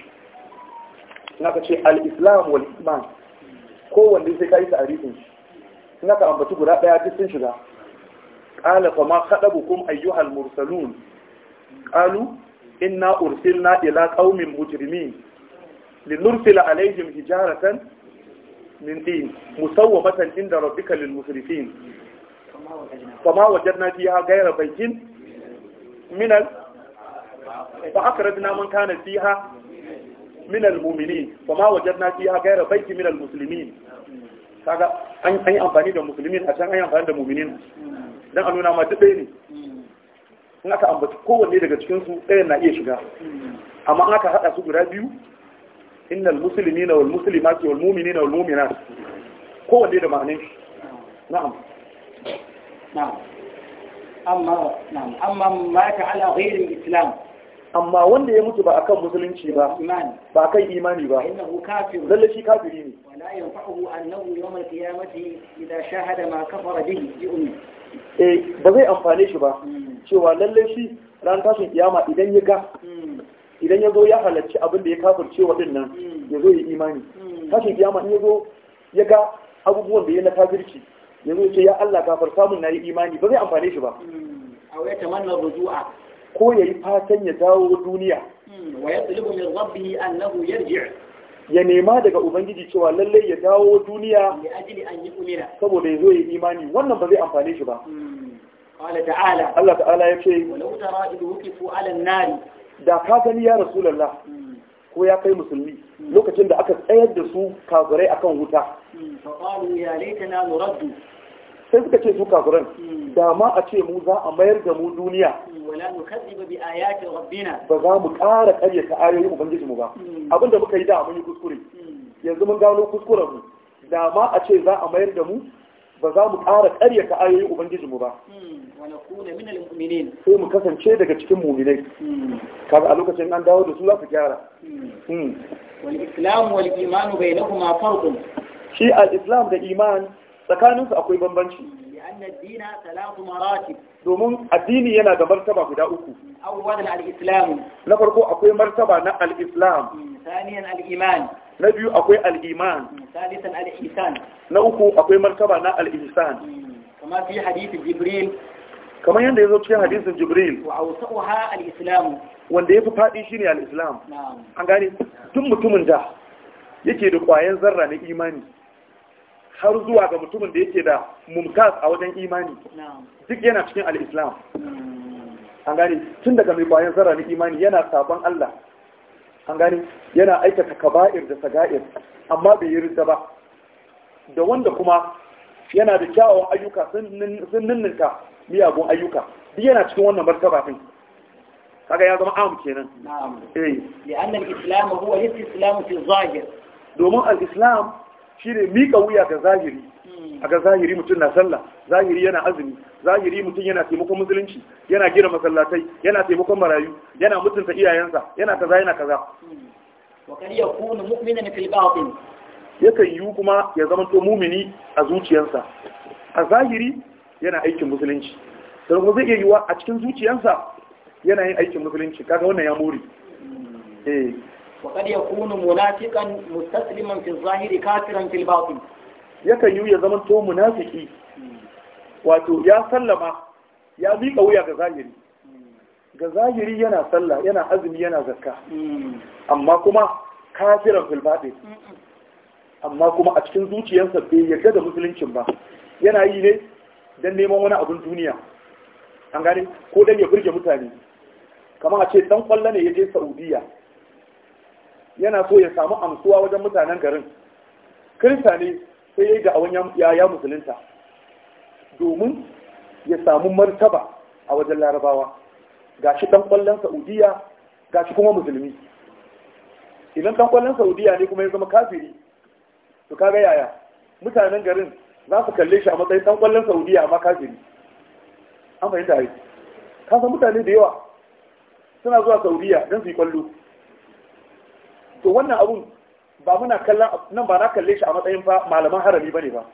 shi al-islam wal iman kowanne sai ka yi ta'arifin shi in aka ambaci guda ɗaya duk sun shiga qala fa ma ayyuhal mursalun qalu inna ursilna ila qaumin mujrimin linursila alaihim hijaratan min din musawwamatan inda rabbika lil musrifin fama wajadna fiha ghayra baytin min al fa akradna man kana fiha min mu'minin fama wajadna kaga an yi amfani da musulmin a can an yi amfani da mu'minin don a nuna ma duk ɗaya ne in aka ambaci kowanne daga cikinsu ɗayan na iya shiga amma in aka haɗa su guda biyu innal musulmi na wal musulmati wal mumini na wal mumina kowanne da ma'anin shi na'am amma na'am amma ma ta ala ghairin islam amma wanda ya mutu ba akan musulunci ba ba kan imani ba lalle shi kafiri ne wala yanfa'u annahu yawm al-qiyamati idha shahada ma kafara bihi yu'min E ba zai amfane shi ba cewa lallai shi ran tashin kiyama idan ya ga idan ya zo ya halarci abin da ya kafirce waɗannan ya zo ya imani tashin kiyama in ya zo ya ga abubuwan da ya na kafirci ya zo ce ya Allah kafar samun na yi imani ba zai amfane shi ba a ya tamanna rujua ko ya yi fatan ya dawo duniya hmm, wa ya tsulubu min rabbihi annahu yarji' ya nema daga ubangiji cewa lallai ya dawo duniya saboda ya zo ya imani wannan ba zai amfane shi ba hmm. Allah ta'ala ya ce da ka gani ya lalla, hmm. ko ya kai musulmi lokacin da aka tsayar da su kafirai akan wuta hmm. sai suka ce su kafiran da ma a ce mu za a mayar da mu duniya ba za mu ƙara ƙarya ta ayoyin ubangiji mu ba hmm. abinda muka yi da mun yi kuskure hmm. yanzu mun gano kuskuren mu da ma a ce za a mayar da mu ba za mu ƙara ƙarya ta ayoyin ubangiji mu ba hmm. sai mu kasance daga cikin muminai kaga a lokacin an dawo da su za su gyara wal islam wal iman bainahuma farqun shi al islam da iman tsakaninsu akwai bambanci domin addini yana da martaba guda uku na farko akwai martaba na al’islam mm, na biyu akwai al'iman. Mm, na uku akwai martaba na al'isan. Mm, kama kamar fi hadithin jibril kamar yadda ya zo cikin hadisin jibril wanda ya fi faɗi shi ne al'islam. an gane tun mutumin da yake da ƙwayan zarra na imani har zuwa ga mutumin da yake da mumtaz a wajen imani duk yana cikin al'islam. islam hmm. an gane tun daga mai bayan zara na imani yana sabon Allah an gane yana aikata kaba'ir da saga'ir amma bai yi rinta ba da wanda kuma yana da kyawawan ayyuka sun ninninka miyagun ayyuka duk yana cikin wannan martaba din kaga ya zama am kenan na'am eh li'anna al-islam huwa al-islam fi zahir domin al-islam shine mika wuya ga zahiri a ga zahiri mutum na sallah zahiri yana azumi zahiri mutum yana taimakon musulunci yana gina masallatai yana taimakon marayu yana mutunta iyayensa yana kaza yana kaza Ya kan yiwu kuma ya zama to mumini a zuciyarsa a zahiri yana aikin musulunci sai kuma zai iya yiwa a cikin zuciyarsa yana yin aikin musulunci kaga wannan ya more hmm. eh. وقد يكون منافقا مستسلما في الظاهر كافرا في الباطن yakan yi ya zama to munafiki wato ya sallama ya miƙa wuya ga zahiri ga zahiri yana sallah yana azumi yana zakka amma kuma kafiran filbaɗe amma kuma a cikin zuciyarsa bai yarda da musuluncin ba yana yi ne don neman wani abin duniya an gane ko Dan ya burge mutane kamar a ce ɗan ƙwallo ne ya je saudiya yana so ya samu amsuwa wajen mutanen garin kirista ne sai ya yi da'awan yaya musulunta domin ya samu martaba a wajen larabawa Ga shi dan kwallon saudiya shi kuma musulmi idan dan kwallon saudiya ne kuma ya zama kafiri to kaga yaya mutanen garin za su kalle shi a matsayin dan kwallon saudiya amma kafiri an fahimta ai ka san mutane da yawa suna zuwa saudiya don su yi kwallo to wannan abun ba muna kallon nan ba na kalle shi a matsayin fa malaman harami ba ne ba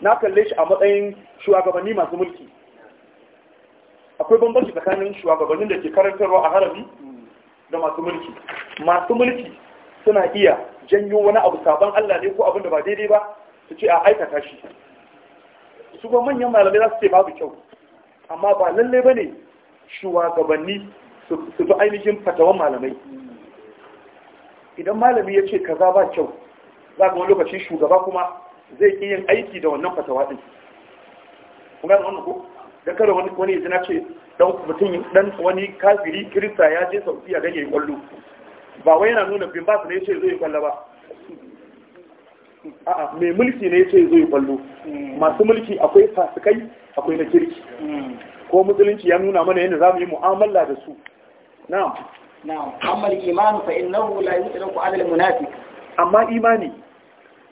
na kalle shi a matsayin shugabanni masu mulki akwai bambanci tsakanin shugabannin da ke karantarwa a harami da masu mulki masu mulki suna iya janyo wani abu sabon Allah ne ko abin da ba daidai ba su ce a aikata shi su ba manyan malamai za su ce babu kyau amma ba lalle ne shugabanni su fi ainihin fatawan malamai idan malami ya ce kaza ba kyau za ga wani lokaci shugaba kuma zai ƙi yin aiki da wannan fatawa ɗin kuma yana wannan ko da kada wani wani ya ce dan mutum dan wani kafiri kirista ya je saudiya don ya yi kwallo ba wai yana nuna bin basu ne ya ce zai yi kwallo ba a'a mai mulki ne ya ce zai kwallo masu mulki akwai fasikai akwai na kirki hmm. ko musulunci ya nuna mana yadda za mu yi mu'amala da su na'am amma iman fa innahu la 'ala al-munafiq amma imani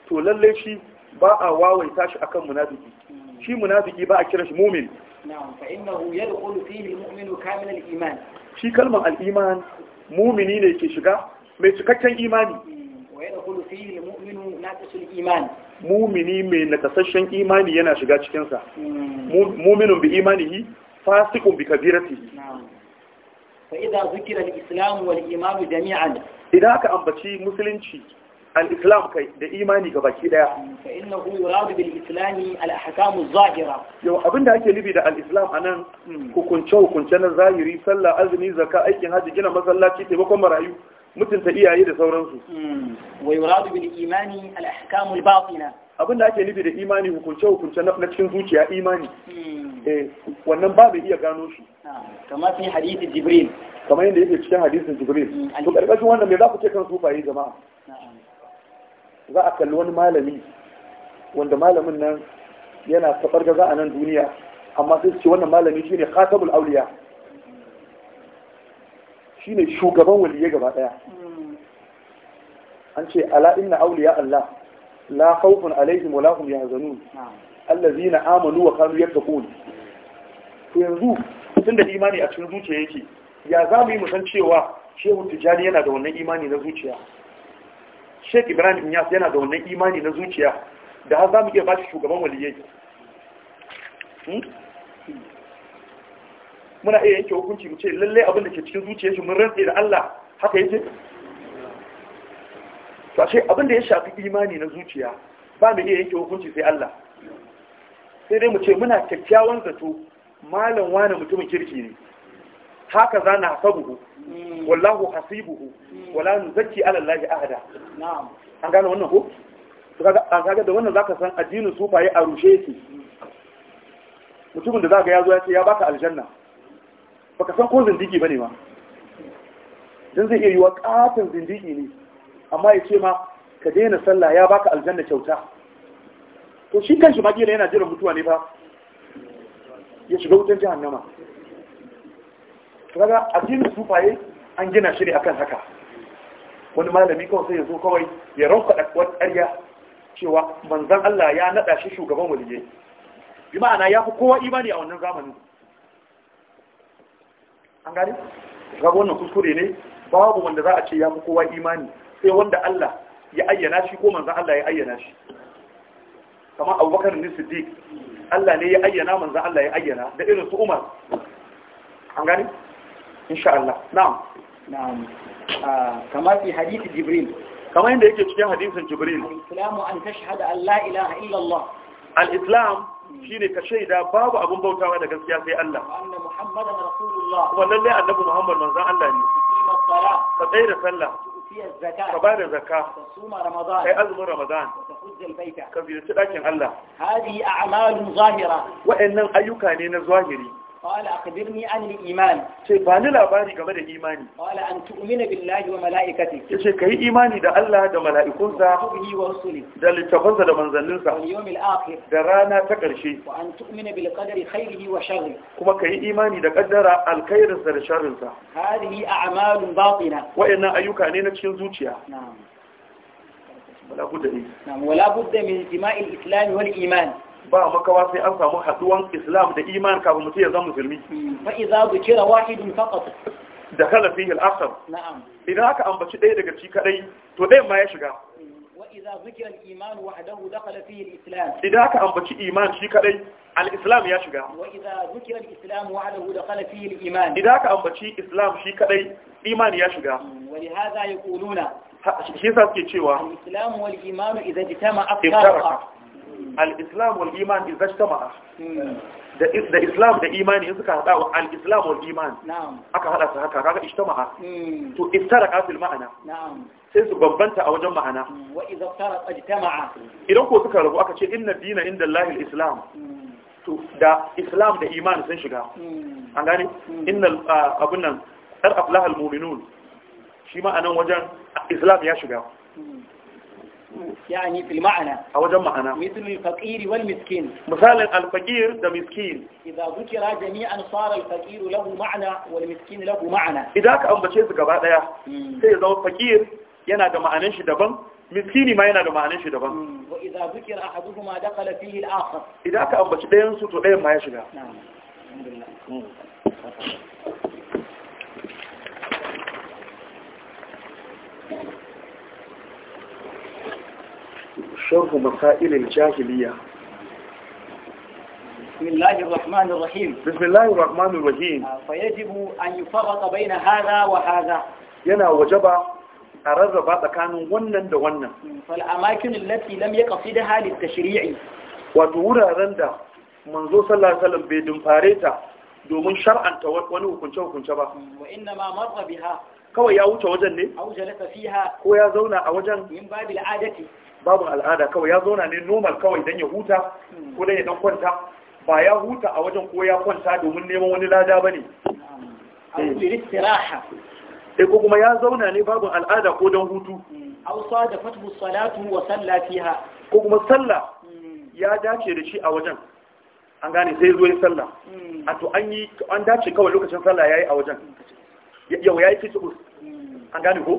to lalle shi ba a wawaita shi akan munafiki shi munafiki ba a kira shi mumin na'am fa innahu yadkhulu fihi al-mu'minu kamil al-iman shi kalmar al-iman mumini ne ke shiga mai cikakken imani mm. wa yadkhulu fihi al-mu'minu iman mumini mai nakasashen imani yana shiga cikinsa mm. muminun bi imanihi fasikun bi kabiratihi na'am fa idza zikira al-islam jami'an idan aka ambaci musulunci al kai da imani ga baki daya fa innahu yuradu bil islam al zahira yau abinda ake nufi da al-islam anan hmm. hukunce hukunce na zahiri sallah azumi zakka aikin haji gina masallaci taimakon marayu mutunta iyaye da sauransu hmm. wa yuradu bil imani al-ahkam al-batina abinda ake nufi da imani hukunce hukunce na cikin zuciya imani hmm. Eh, wannan ba mai iya gano shi ah, kamar fi hadisi jibril kamar yadda yake cikin hadisin jibril mm, to karkashin wannan me za ku ce kan sufaye jama'a za a kalli wani malami wanda malamin nan yana tabar gaza a nan duniya amma sai su ce wannan malami shine khatabul Shi shine shugaban waliye gaba daya an ce ala inna awliya Allah la khawfun alaihim wa la hum yahzanun allazina amanu wa kanu yattaqun yanzu tun da imani a cikin zuciya yake ya za mu yi musan cewa shehu tijjani yana da wannan imani na zuciya sheik ibrahim yas yana da wannan imani na zuciya da har za mu iya bashi shugaban waliyai hmm? muna iya yanke hukunci mu ce lallai abin da ke cikin zuciya shi mun rantse da allah haka yake to ashe abin da ya shafi imani na zuciya ba mu iya yanke hukunci sai allah sai dai mu ce muna kyakkyawan zato malam wani mutumin kirki ne haka za na hasabuhu hmm. wallahu hasibuhu hmm. wala zaki ala allahi ahada an gane wannan ko an kaga da wannan zaka san addinin sufaye a rushe yake mutumin da zaka ya zo ya ce ya baka aljanna baka san ko zindigi bane ma dan zai iya wa katon zindigi ne amma ya ce ma ka daina sallah ya baka aljanna kyauta to shi kanshi ma kila yana jiran mutuwa ne fa ya shiga wutar jahannama kaga addinin sufaye an gina shi ne akan haka wani malami kawai sai ya zo kawai ya rauka da wani ƙarya cewa manzan Allah ya naɗa shi shugaban waliye bi ma'ana ya fi kowa imani a wannan zamanin an gane ga wannan kuskure ne babu wanda za a ce ya fi kowa imani sai wanda Allah ya ayyana shi ko manzan Allah ya ayyana shi kamar abubakar ne siddiq Allah ne ya ayyana manzan Allah ya ayyana da irin su Umar an gani insha Allah na'am na'am ah, kamar fi hadisi Jibril kamar yadda yake cikin hadithin Jibril al-islamu an tashhadu an la ilaha illa Allah al-islam hmm. shine ka shaida babu abin bautawa da gaskiya sai Allah anna muhammadan rasulullah wallahi annabi muhammad manzan Allah ne ka tsaya da sallah ka ba da zaka kai azumin ramadan ka ziyarci ɗakin Allah hadi a'malun zahira wa'annan ayyuka ne na zahiri Qala akhbirni an al-iman. Sai ba ni labari game da imani. Qala an tu'mina billahi wa mala'ikati. Yace kai imani da Allah da mala'ikunsa. Kutubihi wa rusuli. Da littafansa da manzanninsa. Wal yawmil akhir. Da rana ta karshe. Wa an tu'mina bil qadari khairihi wa sharri. Kuma kai imani da kaddara alkhairinsa da sharrinsa. Hadhihi a'malun batina. Wa'annan ayyuka ne na cikin zuciya. Na'am. Wala budda min. Na'am wala budda min jima'il islam wal iman. ba makawa sai an samu haduwan islam da iman kafin mutum ya zama musulmi fa idza dhukira wahidun faqat dakhala fihi al-akhar na'am idan aka ambaci ɗaya daga ci kadai to ɗayan ma ya shiga wa idza dhukira al-iman wahdahu dakhala fihi al-islam idan aka ambaci iman shi kadai al-islam ya shiga wa idza dhukira al-islam wahdahu dakhala fihi al-iman idan aka ambaci islam shi kadai iman ya shiga wa li hadha yaquluna shi yasa suke cewa al-islam wal iman idza jitama aftaraka Al'islam wal'iman wal iman izajtama hmm. da islam da imani suka haɗa al-islam wal aka haɗa su haka kaga ijtama hmm. to iftaraka kafin ma'ana sai su bambanta a wajen ma'ana hmm. wa idza iftaraka ijtama idan ko suka rabu aka ce inna dina inda lahil islam to da islam da iman sun shiga an gane innal abun nan dar aflahal mu'minun shi ma'anan wajen islam ya shiga يعني في المعنى أو جمع معنى مثل الفقير والمسكين مثال الفقير ده مسكين إذا ذكر جميعا lahu ma'ana. له معنى والمسكين له معنى إذا gaba daya sai zo fakir yana da ma'anin shi daban miskini ma yana da ma'anin shi daban wa idza zikira ahaduhuma dakhala fihi al-akhar idan ka ambaci dayan su to dayan ma ya shiga na'am alhamdulillah شرح مسائل الجاهلية بسم الله الرحمن الرحيم بسم الله الرحمن الرحيم فيجب أن يفرق بين هذا وهذا yana wajaba a rarraba tsakanin wannan da wannan fal'amakin lati lam ya kafi da halin da shiri'i wato wuraren da manzo sallallahu alaihi bai dumfare ta domin shar'anta wani hukunce hukunce ba wa inna ma marra biha kawai ya wuce wajen ne au jalasa fiha ko ya zauna a wajen min babu adati babu al'ada kawai ya zauna ne normal kawai don ya huta ko don ya dan kwanta ba ya huta a wajen ko ya kwanta domin neman wani lada ba ne sai eh, ko kuma ya zauna ne babu al'ada ko don hutu hausa da fatihu salatu wa sallah fiha ko kuma sallah hmm. ya dace da shi a wajen an gane sai zo yi sallah hmm. a to an yi an dace kawai lokacin sallah yayi a wajen yau yayi fitu hmm. an gane ko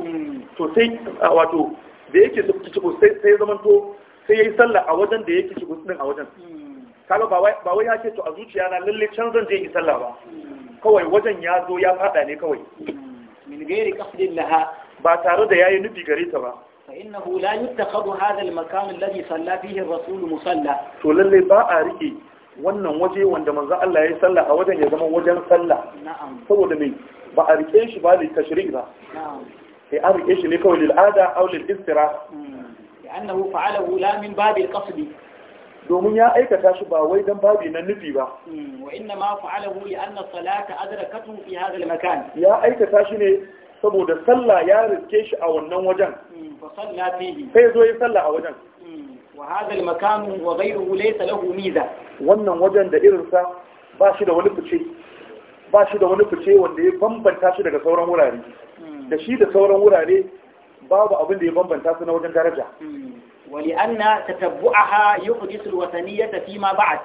to sai wato da yake tukutuku sai sai zamanto sai yayi sallah a wajen da yake tukutuku din a wajen hmm. kaga ba wai ya ce to a zuciya na lalle can zan je yi sallah ba hmm. kawai wajen ya zo ya fada ne kawai hmm. min gairi qasdin laha ba tare da yayi nufi gare ta ba fa innahu la yuttakhadhu hadha al-makan alladhi salla fihi ar-rasul musalla to lalle ba a rike wannan waje wanda manzo Allah ya yi sallah a wajen ya zama wajen sallah saboda me ba a rike shi ba da tashri' ba na'am sai an rike shi ne kawai lil'ada aw lil istira hmm. annahu fa'alahu la min babil qasd domin ya aikata shi ba wai dan babi na nufi ba hmm. wa inna ma fa'alahu li anna salata adrakatu fi ya aikata shi ne saboda sallah ya riske shi a wannan wajen hmm. fa salla fihi sai zo yi sallah a wajen wa hadha wa ghayruhu laysa lahu wannan wajen da irinsa ba shi da wani fice ba shi da wani fice wanda ya bambanta shi daga sauran wurare da shi da sauran wurare babu abin da ya bambanta su na wajen daraja hmm. wali anna tatabbu'aha yuhdisu ya tafi ma ba'd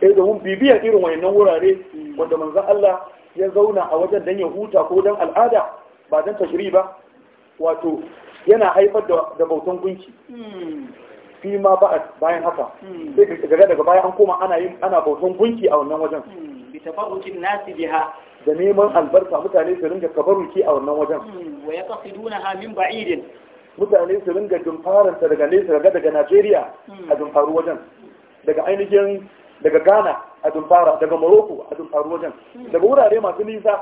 eh domin bibiyar irin wayannan wurare hmm. wanda manzon Allah ya zauna a wajen dan ya huta ko dan al'ada ba dan tashiri ba wato yana haifar da bautan gunki hmm. fi ma ba'd bayan haka sai daga daga baya an koma ana bautan gunki a wannan wajen bi tafarruqin nasi biha da neman albarka mutane su ringa kabaruki a wannan wajen wa yaqsiduna min ba'idin mutane su ringa dumfaran ta daga nesa daga daga Najeriya a hmm. dumfaru wajen daga ainihin daga Ghana a dumfara daga Morocco a dumfaru wajen hmm. daga wurare masu nisa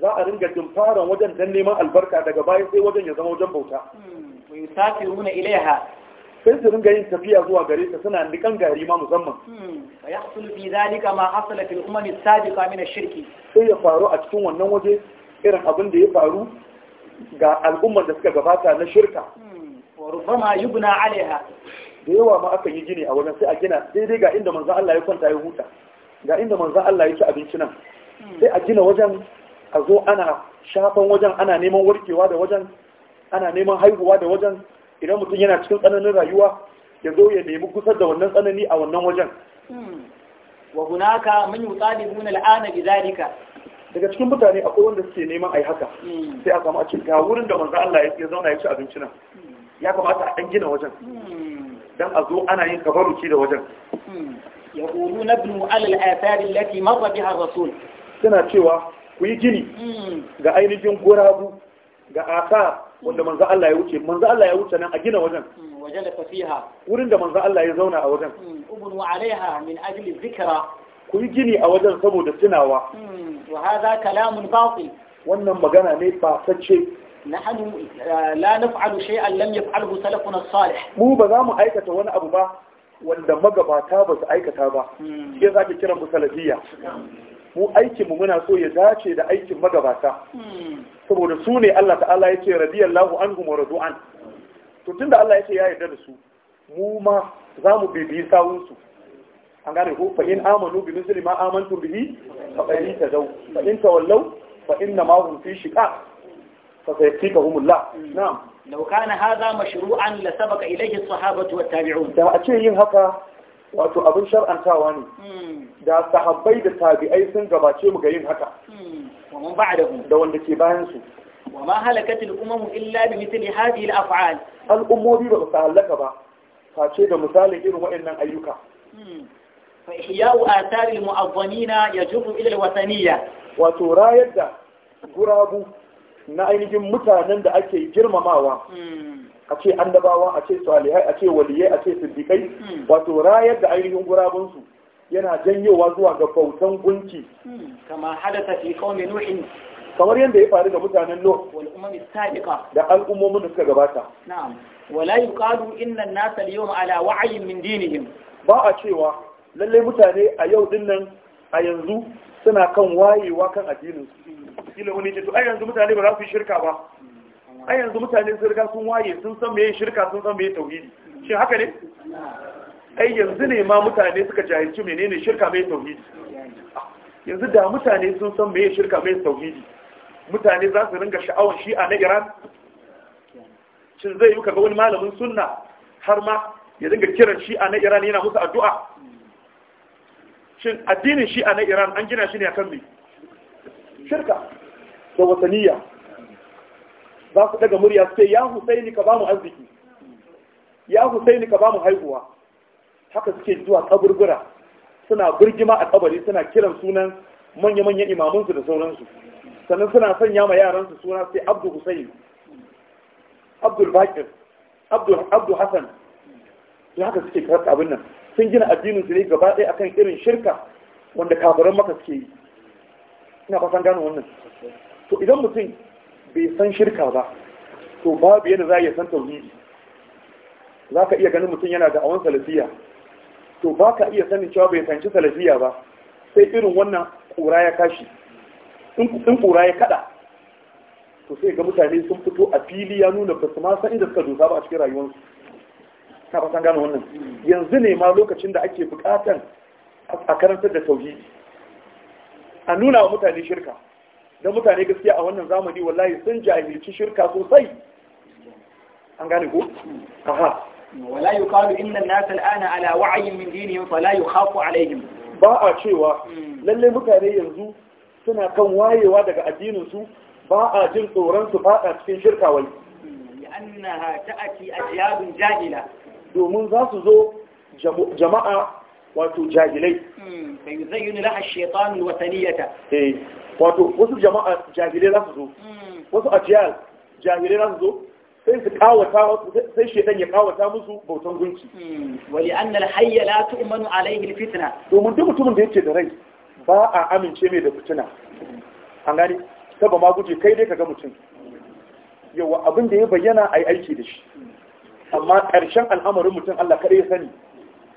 za a ringa dumfaran wajen dan neman albarka daga bayan sai wajen ya zama wajen bauta hmm. yusafiruna ilaiha sai su ringa yin tafiya zuwa gare ta suna nikan gari ma musamman hmm. wa yahsul fi zalika ma hasala fil umami sabiqa min ash-shirki sai ya faru a cikin wannan waje irin abin da ya faru ga al'ummar da suka gabata na shirka hmm. wa rubama yubna alaiha da yawa ma aka yi gini a wajen sai a gina daidai ga inda manzon Allah ya kwanta ya huta ga inda manzon Allah ya ci abinci nan hmm. sai a gina wajen a zo ana shafan wajen ana neman warkewa da wajen ana neman haihuwa da wajen idan mutum yana cikin tsananin rayuwa ya zo ya nemi kusar da wannan tsanani a wannan wajen hmm. wa hunaka da yuqadibuna al'ana bidhalika daga cikin mutane akwai wanda suke neman ai haka hmm. sai a samu a ce ga wurin da manzo Allah ya zauna ya ci abinci nan hmm. ya kamata a dan gina wajen dan a zo ana yin kafaruci da wajen yaquluna ibnu ala al-athar allati marra biha rasul suna cewa ku yi gini ga ainihin gurabu ga aka wanda manzo Allah ya wuce manzo Allah ya wuce nan a gina wajen hmm, wajen da tafiha wurin da manzo Allah ya zauna a wajen hmm, ubnu alaiha min ajli dhikra ku yi gini a wajen saboda tunawa hmm, wa hadha kalamun batil wannan magana ne ba sace nahnu eh, la naf'alu shay'an lam yaf'alhu salafuna salih mu ba za mu aikata wani abu ba wanda magabata ba su aikata ba shi za ki kiran mu salafiyya mu aikinmu muna so ya dace da aikin magabata hmm. saboda su ne Allah ta'ala ya ce radiyallahu an wa radu'an to da Allah ya ce ya yarda da su mu ma za mu bibiyi sawun an gane ko fa in amanu bi misli ma amantum bihi fa qali tadaw fa in tawallaw fa inna ma hum fi shiqaq fa sayfikahumullah hmm. na'am law kana hadha mashru'an la sabaqa ilayhi as-sahabatu wat-tabi'un da a ce yin haka wato abin shar'antawa ne hmm. da sahabbai da tabi'ai sun gabace mu ga yin haka hmm. da wanda ke bayan su wa ma halakatul umam illa bi mithli hadhihi al af'al al umuri ba ta halaka ba face da misalin irin waɗannan ayyuka hmm. fa ihya'u athar al mu'azzamina yajubu ila al wataniyya wato rayar da gurabu na ainihin mutanen da ake girmamawa a ce annabawa a ce salihai a ce waliyai a ce siddiqai hmm. wato rayar da ainihin gurabunsu yana janyowa zuwa ga bautan gunki hmm. kama hadatha fi qaumi nuhin kamar yadda ya faru ga mutanen Nuh da al'ummomin da suka gabata na'am wala yuqalu inna an-nasa al-yawma ala wa'yin min dinihim ba a cewa lallai mutane a yau dinnan a yanzu suna kan wayewa kan addinin su kila wani ce to ai yanzu mutane ba za su yi shirka ba ai yanzu mutane sun riga sun waye sun san meye shirka sun san meye tauhidi shi haka ne ai yanzu ne ma mutane suka jahilci menene shirka mai tauhidi yanzu da mutane sun san meye shirka mai tauhidi mutane za su ringa sha'awar shi'a na iran shin zai yi kaga wani malamin sunna har ma ya ringa kiran shi'a na iran yana musu addu'a shin addinin shi'a na iran an gina shi ne akan me shirka da wataniya za su daga murya su ce ya husaini ka bamu arziki ya husaini ka bamu haihuwa haka suke zuwa kaburbura suna birgima a kabari suna kiran sunan manya-manyan imamansu da sauransu sannan suna sanya ma yaransu suna sai abdu husaini abdul bakir abdu hassan da haka suke karɓa abin nan sun gina addinin su ne gaba ɗaya akan irin shirka wanda kafiran maka suke yi ina fasan gano wannan to idan mutum bai san shirka ba to babu yadda za a iya san tauhidi za ka iya ganin mutum yana da awon salafiya to ba ka iya sanin cewa bai fahimci salafiya ba sai irin wannan kura ya kashi in kura ya kada to sai ga mutane sun fito a fili ya nuna ba su ma san inda suka dosa ba a cikin rayuwarsu na fasan gano wannan yanzu ne ma lokacin da ake bukatan a karantar da tauhidi a nuna wa mutane shirka don mutane gaskiya a wannan zamani wallahi sun jahilci shirka sosai an gane ku? aha wala yuqalu inna an-nasa al'ana ala wa'yin min dinihim fala yukhafu alaihim ba a cewa hmm. lalle mutane yanzu suna kan wayewa daga addinin su ba a jin tsoron su fada cikin shirka wai hmm. annaha ta'ati ajyabun jahila domin za su zo jama'a wato jahilai hmm. fa yuzayyinu laha ash-shaytanu wataniyata eh wato wasu jama'a jahilai za su zo hmm. wasu ajiyar jahilai za su zo sai su kawata sai shedan ya kawata musu bautan gunki hmm. wali annal hayya la tu'manu alaihi alfitna domin duk mutumin da yake da rai ba a amince mai da fitina an gani ta ba ma guje kai dai kaga mutum yawa abin da ya bayyana ai aiki da shi amma karshen al'amarin mutum Allah kare ya sani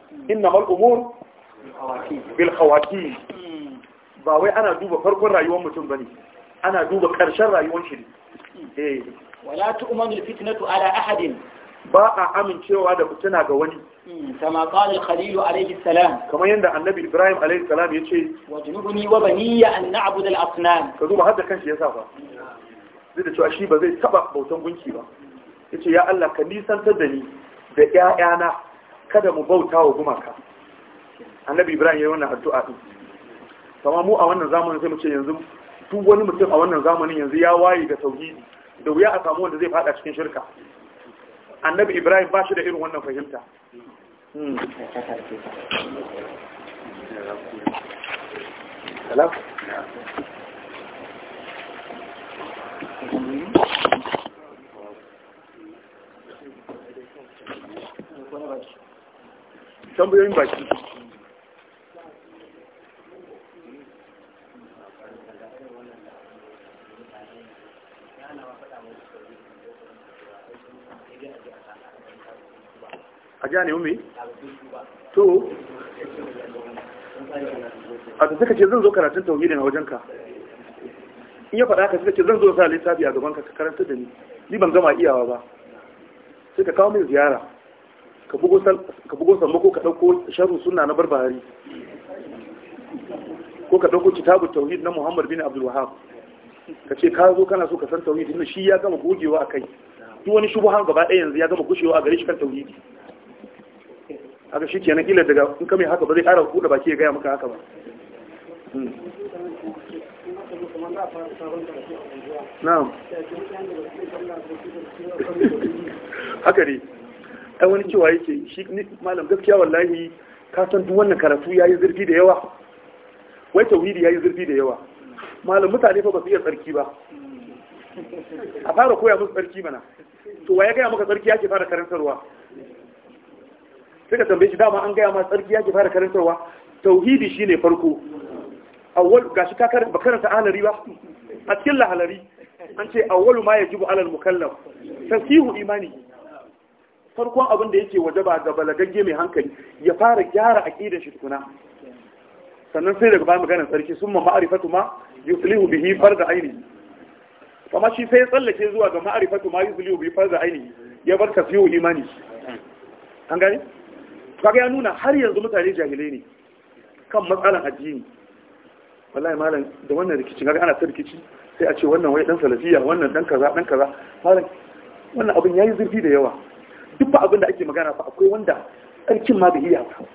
hmm. innamal umur bil khawatim ba wai ana duba farkon rayuwar mutum bane ana duba karshen rayuwar shi ne. Eh. wala tu'manu alfitnatu ala ahadin ba a amincewa da fitina ga wani hmm, kama qala al-khalil alayhi salam kamar yadda annabi ibrahim alayhi salam yace wajnubni wa baniya an na'budu al-asnam ka duba hadda kanshi yasa fa zai da cewa shi ba zai taba bautan gunki ba yace ya Allah ka nisantar da ni da ƴaƴana kada mu bauta wa gumaka annabi ibrahim yayi wannan addu'a din kama mu a wannan zamanin sai mu ce yanzu duk wani mutum a wannan zamanin yanzu ya waye da tauhidi da wuya a samu wanda zai fada cikin shirka annabi ibrahim ba shi da irin wannan fahimta hmm. tambayoyin baki ta nemi to a ta suka ce zan zo karatun tauhidin a wajenka in ya faɗa ka suka ce zan zo sa littafi a gaban ka karanta da ni ni ban gama iyawa ba sai ka kawo min ziyara ka bugo sammako ka ɗauko sharhu suna na barbari, ko ka ɗauko kitabu tauhid na muhammad bin abdul wahab ka ce ka zo kana so ka san tauhid din shi ya gama gogewa a kai duk wani shubuhan gaba ɗaya yanzu ya gama gushewa a gare shi kan tauhidi aka shi na ila daga in kame haka ba zai ƙara kuɗa baki ya gaya maka haka ba hmm. na'am haka ne ɗan wani cewa yake shi malam gaskiya wallahi ka san duk wannan karatu yayi zurfi da yawa wai tauhidi yayi zurfi da yawa malam mutane fa ba su iya tsarki ba a fara koya musu tsarki mana to wa ya gaya maka tsarki ya ke fara karantarwa suka tambaye shi dama an gaya ma tsarki yake fara karantarwa tauhidi shine farko awwal gashi ka karanta ba karanta ba a cikin lahalari an ce awwalu ma yajibu alal mukallaf tasihu imani farkon abin da yake wajaba ga balagagge mai hankali ya fara gyara aqidar shi tukuna sannan sai daga bayan maganar sarki sun ma ma'arifatu ma yuslihu bihi farda aini kuma shi sai tsallake zuwa ga ma'arifatu ma yuslihu bihi farda aini ya bar tasihu imani an gani? kaga ya nuna har yanzu mutane jahilai ne kan matsalan addini wallahi malam da wannan rikicin kaga ana ta rikici sai a ce wannan wai dan salafiya wannan dan kaza dan kaza malam wannan abin yayi zurfi da yawa duk ba abin da ake magana fa akwai wanda tsarkin ma bai iya ba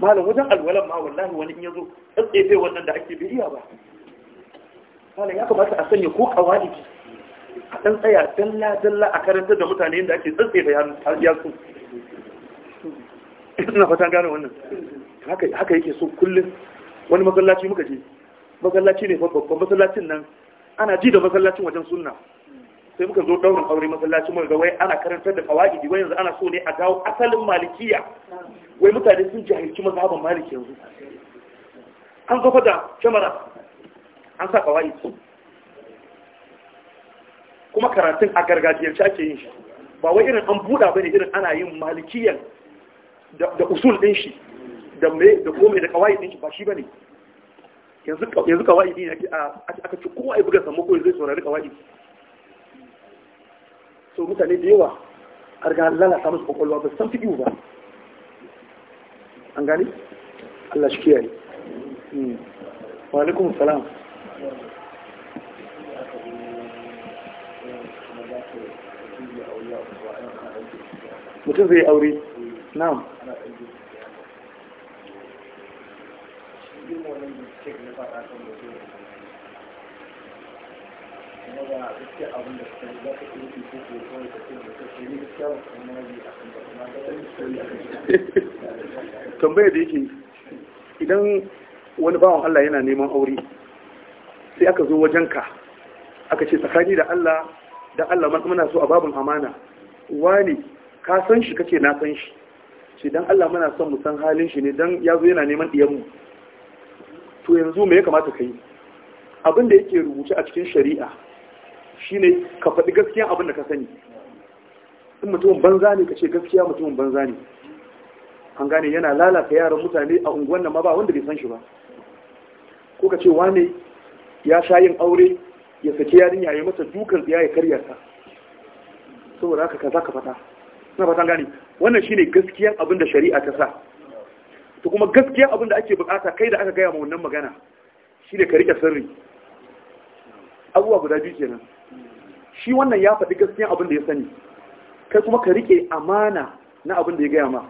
malam wajen alwalan ma wallahi wani in yazo sai wannan da ake bai iya ba malam ya kamata a sanya ko kawaliki a dan tsaya dalla dalla a karanta da mutane yadda ake tsaitsaye da yasu ina fatan gane wannan haka yake so kullum wani masallaci muka je masallaci ne babban masallacin nan ana ji da masallacin wajen sunna sai muka zo daurin aure masallacin mu ga wai ana karantar da qawaidi wai yanzu ana so ne a gawo asalin malikiya wai mutane sun jahilci mazhaban maliki yanzu an zo da kamera an sa qawaidi kuma karatun a gargajiyar ake yin shi ba wai irin an buɗa ne irin ana yin malikiyan da usul din shi da me da komai da kawai din shi ba shi bane yanzu yanzu kawai din yake aka ci kowa ya buga sammako ya zai saurari kawai so mutane da yawa har ga lalata musu kwakwalwa ba san fiɗi ba an gani Allah shi kiyaye hmm. wa alaikum salam mutum zai aure na'am magana abin da suka yi za ka yi ko ko kawai ta ce da ba kuma yi a kan ba kuma tambayar da yake idan wani bawan Allah yana neman aure sai aka zo wajenka aka ce tsakani da Allah da Allah muna so a babin amana wani ka san shi kace na san shi ce dan Allah muna son mu san halin shi ne dan zo yana neman diyan mu to yanzu me ya kamata kai abin da yake rubuce a cikin shari'a shine ka faɗi gaskiya abin da ka sani in mutumin banza ne ka ce gaskiya mutumin banza ne an gane yana lalata yaran mutane a unguwan nan ma ba wanda bai san shi ba ko ka ce wane ya sha yin aure ya saki yarinya ya masa dukan tsiya ya karya ta saboda haka kaza ka fata na fatan gane wannan shine gaskiyan abin da shari'a ta sa to kuma gaskiyan abin da ake bukata kai da aka gaya ma wannan magana shine ka rike sirri abubuwa guda biyu kenan shi wannan ya faɗi gaskiyan abin da ya sani kai kuma ka rike amana na abin da ya gaya ma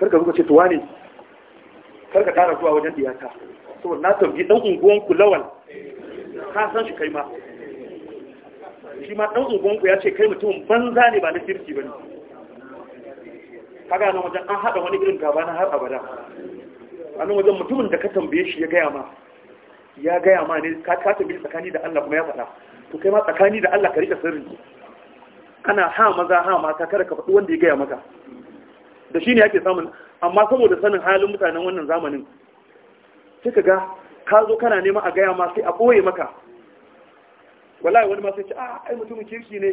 karka zuwa ce tuwa ne karka ƙara zuwa wajen diyata so na tafi ɗan unguwanku lawal ka san shi kai ma shi ma ɗan unguwanku ya ce kai mutum banza ne ba na kirki ba ne kaga nan wajen an haɗa wani irin gaba na har abada a nan wajen mutumin da ka tambaye shi ya gaya ma ya gaya ma ne ka tambaye tsakani da Allah kuma ya faɗa to kai ma tsakani da Allah ka rika sirri ana ha maza ha mata kada ka faɗi wanda ya gaya maka da shi ne ake samun amma saboda sanin halin mutanen wannan zamanin sai ka ga ka zo kana nema a gaya ma sai a ɓoye maka wallahi wani ma sai ce ah ai mutumin kirki ne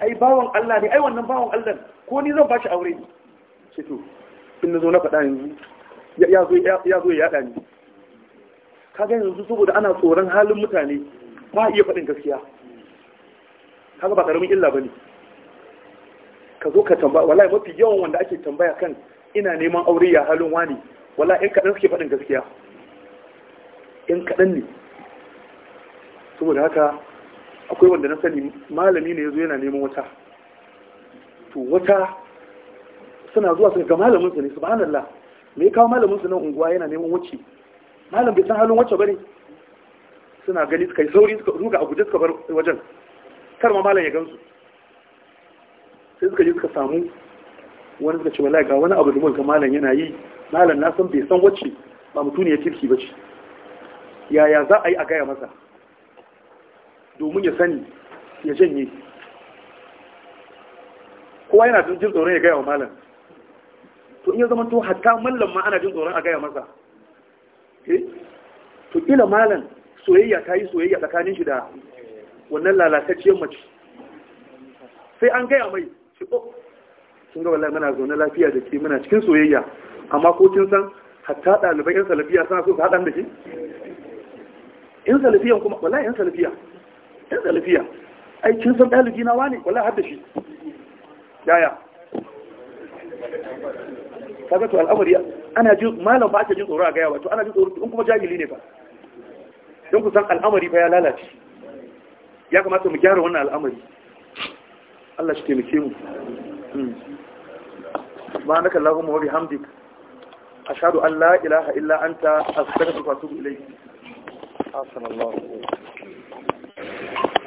ai bawan Allah ne ai wannan bawan Allah ko ni zan bashi aure sai to in na zo na faɗa yanzu ya zo ya yaɗa ni ka ga yanzu saboda ana tsoron halin mutane ba iya faɗin gaskiya kaga ba karamin illa bane ka zo ka tambaya wallahi mafi yawan wanda ake tambaya kan ina neman aure ya halin wani wallahi in kaɗan suke faɗin gaskiya in kaɗan ne saboda haka akwai wanda na sani malami ne ya zo yana neman wata to wata suna zuwa su ga malamin su ne subhanallah me ya kawo malamin su nan unguwa yana neman wacce malam bai san halin wacce bane suna gani suka yi sauri suka ruga a guje suka bar wajen kar ma malam ya gansu sai suka yi suka samu wani suka ce wallahi ga wani abu da muka malam yana yi malam na san bai san wacce ba ya kirki ba ce yaya za a yi a gaya masa domin ya sani ya janye kowa yana jin tsoron ya gaya wa malam to iya zama to hatta mallam ma ana jin tsoron a gaya masa eh? to ila malam soyayya ta yi soyayya tsakanin shi da wannan lalatacciyar mace sai an gaya mai shi oh, ko sun ga wallahi muna zaune lafiya da ke muna cikin soyayya amma ko kin san hatta ɗaliban yan salafiya suna so su haɗa da shi?" yan salafiyan kuma wallahi yan salafiya yan salafiya ai kin san ɗalibi na wani wallahi har da shi yaya kaga to al'amari ana ji malam ba ake jin tsoro a gaya wato ana jin tsoro in kuma jahili ne ba don kusan al'amari fa ya lalace ya kamata mu gyara wannan al'amari Allah shi taimake mu hmm. subhanaka allahumma wa bihamdik ashhadu an la ilaha illa anta astaghfiruka wa atubu ilayk assalamu alaikum